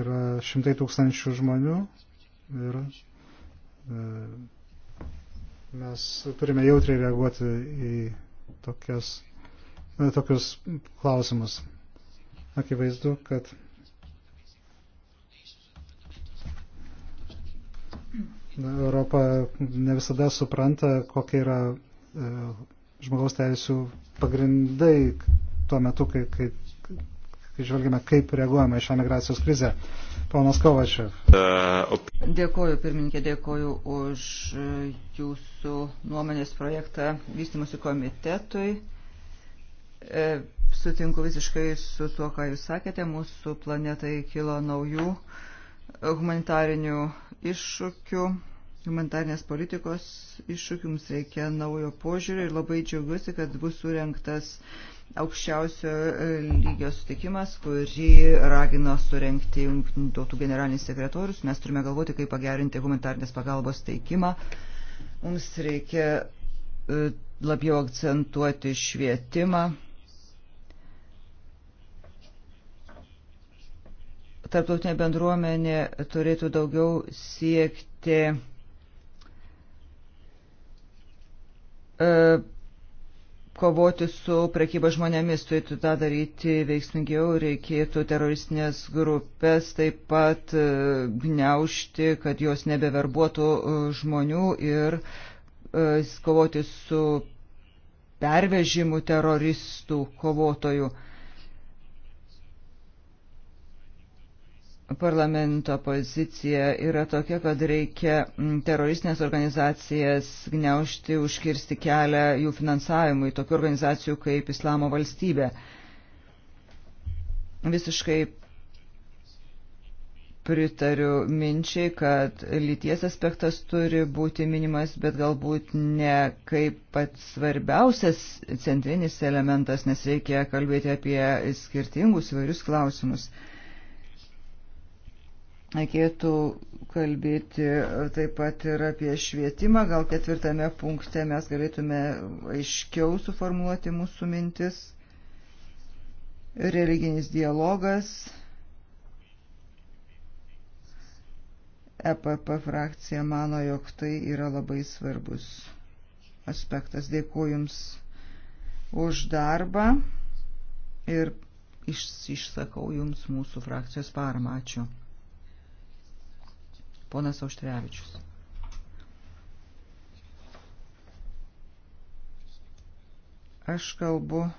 yra šimtai tūkstančių žmonių, ir e, mes turime jautriai reaguoti į tokias, tokius klausimus. Akivaizdu, kad Europa ne visada supranta, kokia yra e, žmogaus teisų pagrindai tuo metu, kai, kai kai žvelgime, kaip reaguojame į šią migracijos krizę. Ponas Kovačev. E, dėkoju, pirmininkė, dėkoju už e, jūsų nuomonės projektą vystimusi komitetui. E, sutinku visiškai su tuo, ką jūs sakėte. Mūsų planetai kilo naujų humanitarinių iššūkių humanitarnės politikos iššūkių, mums reikia naujo požiūrio ir labai džiaugiuosi, kad bus surinktas aukščiausio e, lygio sutikimas, kurį ragino surenkti tautų generalinis sekretorius. Mes turime galvoti, kaip pagerinti humanitarnės pagalbos teikimą. Mums reikia e, labiau akcentuoti švietimą. Tarptautinė bendruomenė turėtų daugiau siekti E, kovoti su prekyba žmonėmis, tai turėtų tą daryti veiksmingiau, reikėtų teroristinės grupės taip pat e, gniaušti, kad jos nebeverbuotų e, žmonių ir kovoti su pervežimu teroristų kovotojų. parlamento pozicija yra tokia, kad reikia teroristinės organizacijas gniaužti, užkirsti kelią jų finansavimui, tokių organizacijų kaip Islamo valstybė. Visiškai pritariu minčiai, kad lyties aspektas turi būti minimas, bet galbūt ne kaip pats svarbiausias centrinis elementas, nes reikia kalbėti apie skirtingus vairius klausimus reikėtų kalbėti taip pat ir apie švietimą. Gal ketvirtame punkte mes galėtume aiškiau suformuoti mūsų mintis. Religinis dialogas. EPP frakcija mano, jog tai yra labai svarbus aspektas. Dėkuoju Jums už darbą ir išsakau Jums mūsų frakcijos paramą. Ačiū ponas Auštrevičius. Aš kalbu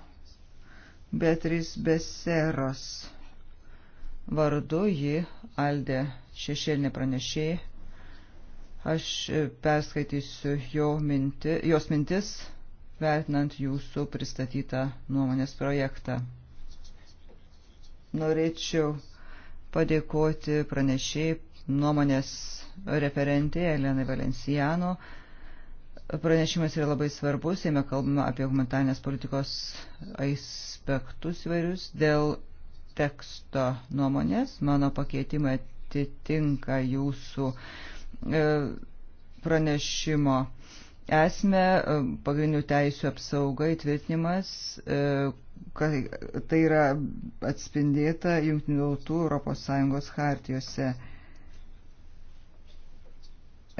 Beatriz Beseros vardu, ji Aldė šešėlinė pranešėjai. Aš e, perskaitysiu jo minti, jos mintis, vertinant jūsų pristatytą nuomonės projektą. Norėčiau padėkoti pranešėjai nuomonės referentė Elenai Valenciano. Pranešimas yra labai svarbus, jame kalbama apie humanitarnės politikos aspektus įvairius. Dėl teksto nuomonės mano pakeitimai atitinka jūsų e, pranešimo esmę, e, pagrindinių teisų apsauga, įtvirtinimas, e, tai yra atspindėta Junktinių tautų ES hartijose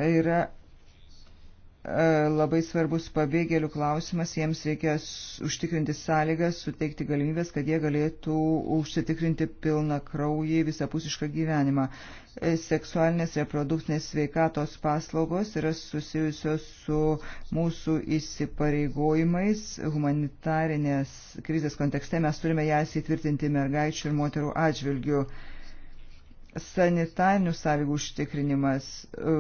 yra e, labai svarbus pabėgėlių klausimas, jiems reikia užtikrinti sąlygas, suteikti galimybės, kad jie galėtų užsitikrinti pilną kraujį visapusišką gyvenimą. E, seksualinės reprodukcinės sveikatos paslaugos yra susijusios su mūsų įsipareigojimais. Humanitarinės krizės kontekste mes turime jas įtvirtinti mergaičių ir moterų atžvilgių. Sanitarinių sąlygų užtikrinimas e,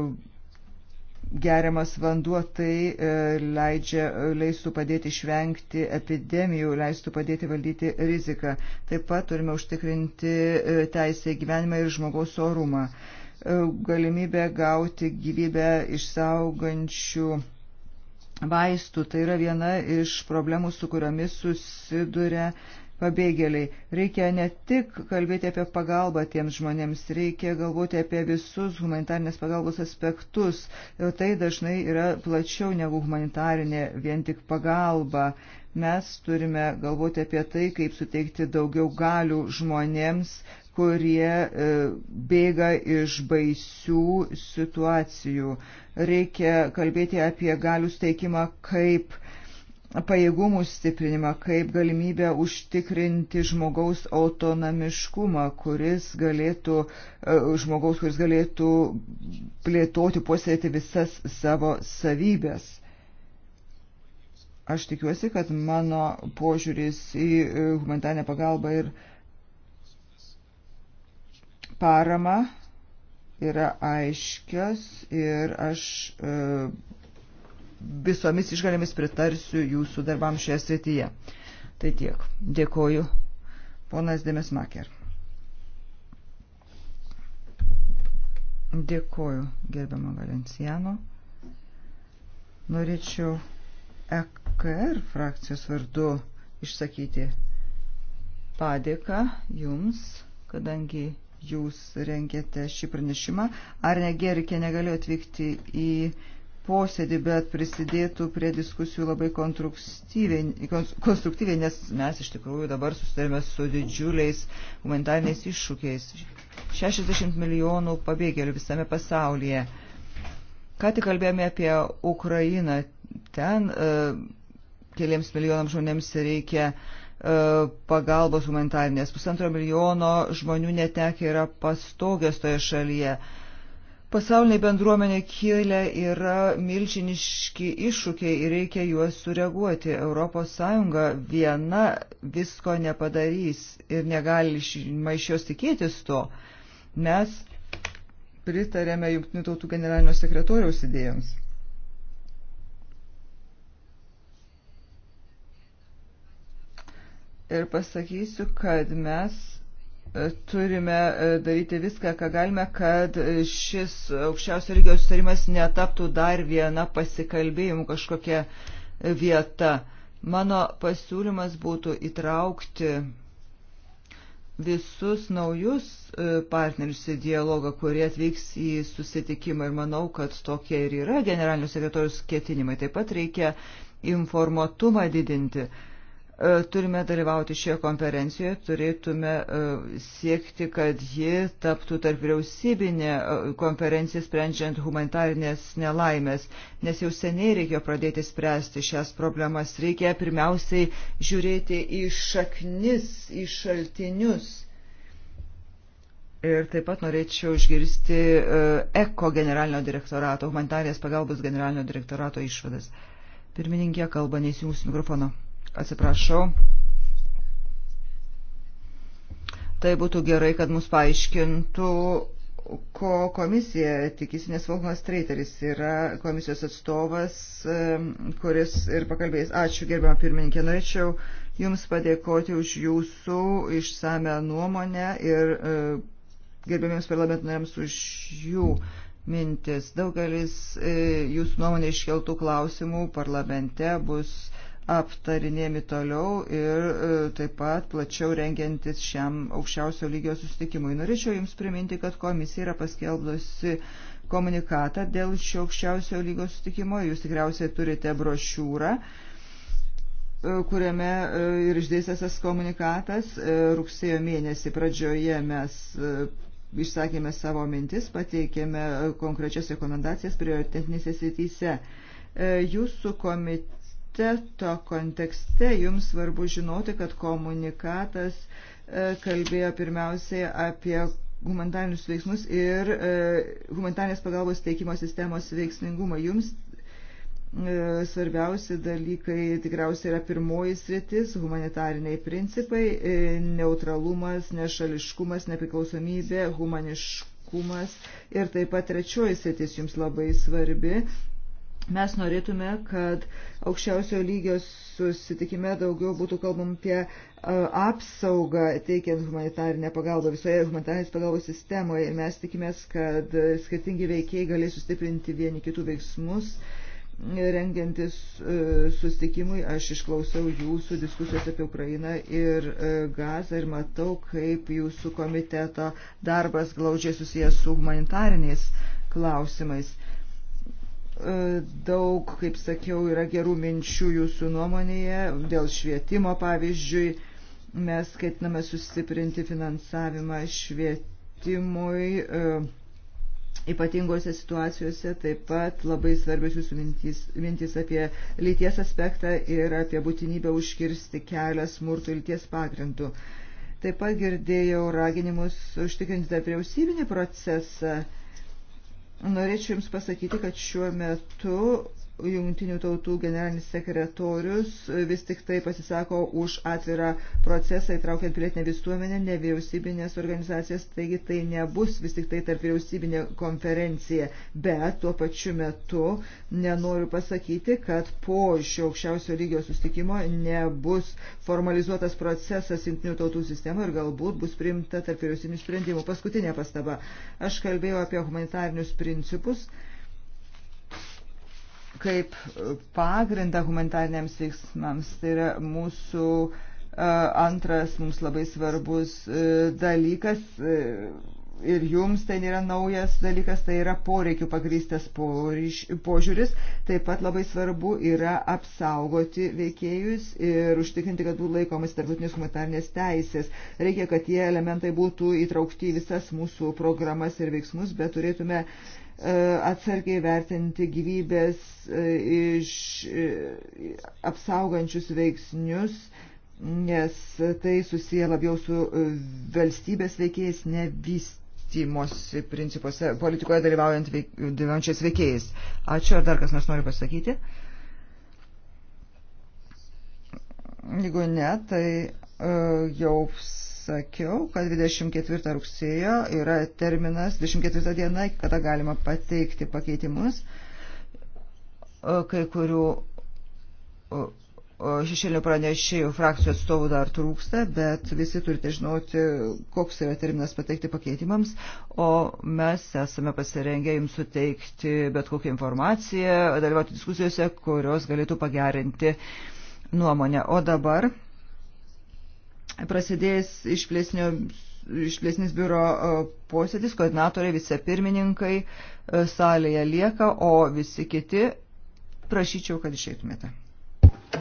geriamas vanduo tai e, leidžia, leistų padėti išvengti epidemijų, leistų padėti valdyti riziką. Taip pat turime užtikrinti e, teisę į gyvenimą ir žmogaus orumą. E, Galimybė gauti gyvybę išsaugančių vaistų tai yra viena iš problemų, su kuriomis susiduria pabėgėliai. Reikia ne tik kalbėti apie pagalbą tiems žmonėms, reikia galvoti apie visus humanitarnės pagalbos aspektus. Ir tai dažnai yra plačiau negu humanitarinė vien tik pagalba. Mes turime galvoti apie tai, kaip suteikti daugiau galių žmonėms, kurie e, bėga iš baisių situacijų. Reikia kalbėti apie galių steikimą kaip uh, pajėgumų stiprinimą kaip galimybę užtikrinti žmogaus autonomiškumą, kuris galėtų, e, žmogaus, kuris galėtų plėtoti, puoselėti visas savo savybės. Aš tikiuosi, kad mano požiūris į e, humanitarnę pagalbą ir paramą yra aiškios ir aš e, visomis išgalėmis pritarsiu jūsų darbam šioje srityje. Tai tiek. Dėkoju. Ponas Demes Maker. Dėkoju, gerbiamą Valenciano. Norėčiau EKR frakcijos vardu išsakyti padėką jums, kadangi jūs rengėte šį pranešimą. Ar negerikė negalėjo atvykti į posėdį, bet prisidėtų prie diskusijų labai konstruktyviai, nes mes iš tikrųjų dabar susitarėme su didžiuliais humanitariniais iššūkiais. 60 milijonų pabėgėlių visame pasaulyje. Ką tik kalbėjome apie Ukrainą. Ten e, keliams milijonams žmonėms reikia e, pagalbos humanitarnės. Pusantro milijono žmonių netekia yra pastogės toje šalyje. Pasauliniai bendruomenė kyla yra milžiniški iššūkiai ir reikia juos sureaguoti. ES viena visko nepadarys ir negali iš jos tikėtis to. Mes pritarėme Junktinių tautų generalinio sekretoriaus idėjams. Ir pasakysiu, kad mes turime e, daryti viską, ką galime, kad šis aukščiausio lygio sustarimas netaptų dar viena pasikalbėjimų kažkokia vieta. Mano pasiūlymas būtų įtraukti visus naujus e, partnerius į dialogą, kurie atvyks į susitikimą ir manau, kad tokie ir yra generalinių sekretorius ketinimai. Taip pat reikia informatumą didinti E, turime dalyvauti šioje konferencijoje, turėtume e, siekti, kad ji taptų tarp vyriausybinė e, konferencija sprendžiant humanitarinės nelaimės, nes jau seniai reikėjo pradėti spręsti šias problemas. Reikia pirmiausiai žiūrėti į šaknis, į šaltinius. Ir taip pat norėčiau išgirsti ECO generalinio direktorato, humanitarės pagalbos generalinio direktorato išvadas. Pirmininkė kalba, neįsijungus mikrofono. Atsiprašau. Tai būtų gerai, kad mus paaiškintų, ko komisija tikisi, nes Volkmas Treiteris yra komisijos atstovas, kuris ir pakalbės. Ačiū, gerbiamą pirmininkę, norėčiau Jums padėkoti už Jūsų išsame nuomonę ir e, gerbiamiems parlamentinariams už jų mintis. Daugelis e, jūsų nuomonė iškeltų klausimų parlamente bus aptarinėjami toliau ir e, taip pat plačiau rengiantis šiam aukščiausio lygio susitikimui. Norėčiau Jums priminti, kad komisija yra paskelbdusi komunikatą dėl šio aukščiausio lygio susitikimo. Jūs tikriausiai turite brošiūrą e, kuriame e, ir išdėstęs tas komunikatas. Rugsėjo mėnesį pradžioje mes išsakėme savo mintis, pateikėme konkrečias rekomendacijas prioritetinėse srityse. Jūsų komite komiteto kontekste jums svarbu žinoti, kad komunikatas e, kalbėjo pirmiausiai apie humanitarinius veiksmus ir e, humanitarinės pagalbos teikimo sistemos veiksmingumą. Jums e, svarbiausi dalykai tikriausiai yra pirmoji sritis - humanitariniai principai, neutralumas, nešališkumas, nepriklausomybė, humaniškumas ir taip pat trečioji sritis jums labai svarbi Mes norėtume, kad aukščiausio lygio susitikime daugiau būtų kalbam apie apsaugą teikiant humanitarinę pagalbą visoje humanitarinės pagalbos sistemoje ir mes tikimės, kad skirtingi veikiai galės sustiprinti vieni kitų veiksmus. Rengiantis e, sustikimui, aš išklausiau jūsų diskusijos apie Ukrainą ir e, Gazą ir matau, kaip jūsų komiteto darbas glaudžiai susijęs su humanitariniais klausimais. E, daug, kaip sakiau, yra gerų minčių jūsų nuomonėje dėl švietimo, pavyzdžiui, mes ketiname sustiprinti finansavimą švietimui e, ypatingose situacijose, taip pat labai svarbios jūsų mintys, mintys apie lyties aspektą ir apie būtinybę užkirsti kelią smurtų lyties pagrindų. Taip pat girdėjau raginimus užtikrinti dar vyriausybinį procesą Norėčiau Jums pasakyti, kad šiuo metu Jungtinių tautų generalinis sekretorius e, vis tik tai pasisako už atvirą procesą įtraukiant pilietinę visuomenę, nevyriausybinės organizacijas, taigi tai nebus vis tik tai tarp vyriausybinė konferencija. Bet tuo pačiu metu nenoriu pasakyti, kad po šio aukščiausio lygio sustikimo nebus formalizuotas procesas Jungtinių tautų sistemų ir galbūt bus priimta tarp vyriausybinių sprendimų. Paskutinė pastaba. Aš kalbėjau apie humanitarinius principus kaip e, pagrindą humanitariniams veiksmams. Tai yra mūsų e, antras mums labai svarbus e, dalykas ir jums tai nėra naujas dalykas, tai yra poreikių pagrystas požiūris. Taip pat labai svarbu yra apsaugoti veikėjus ir užtikrinti, kad būtų laikomas tarptautinės humanitarnės teisės. Reikia, kad tie elementai būtų įtraukti į visas mūsų programas ir veiksmus, bet turėtume uh, E, atsargiai vertinti gyvybės e, iš e, apsaugančius veiksnius, nes tai susiję labiau su valstybės veikėjais, ne vystimosi principuose, politikoje dalyvaujant veik, dalyvaujančiais veikėjais. Ačiū, ar dar kas nors nori pasakyti? Jeigu ne, tai uh, jau sakiau, kad 24 rugsėjo yra terminas, 24 diena, kada galima pateikti pakeitimus kai kurių šešėlinių pranešėjų frakcijų atstovų dar trūksta, bet visi turite žinoti, koks yra terminas pateikti pakeitimams, o mes esame pasirengę jums suteikti bet kokią informaciją, dalyvauti diskusijose, kurios galėtų pagerinti nuomonę. O dabar prasidės išplėsnio išplėsnis biuro e, posėdis, koordinatoriai, vicepirmininkai e, salėje lieka, o visi kiti prašyčiau, kad išeitumėte.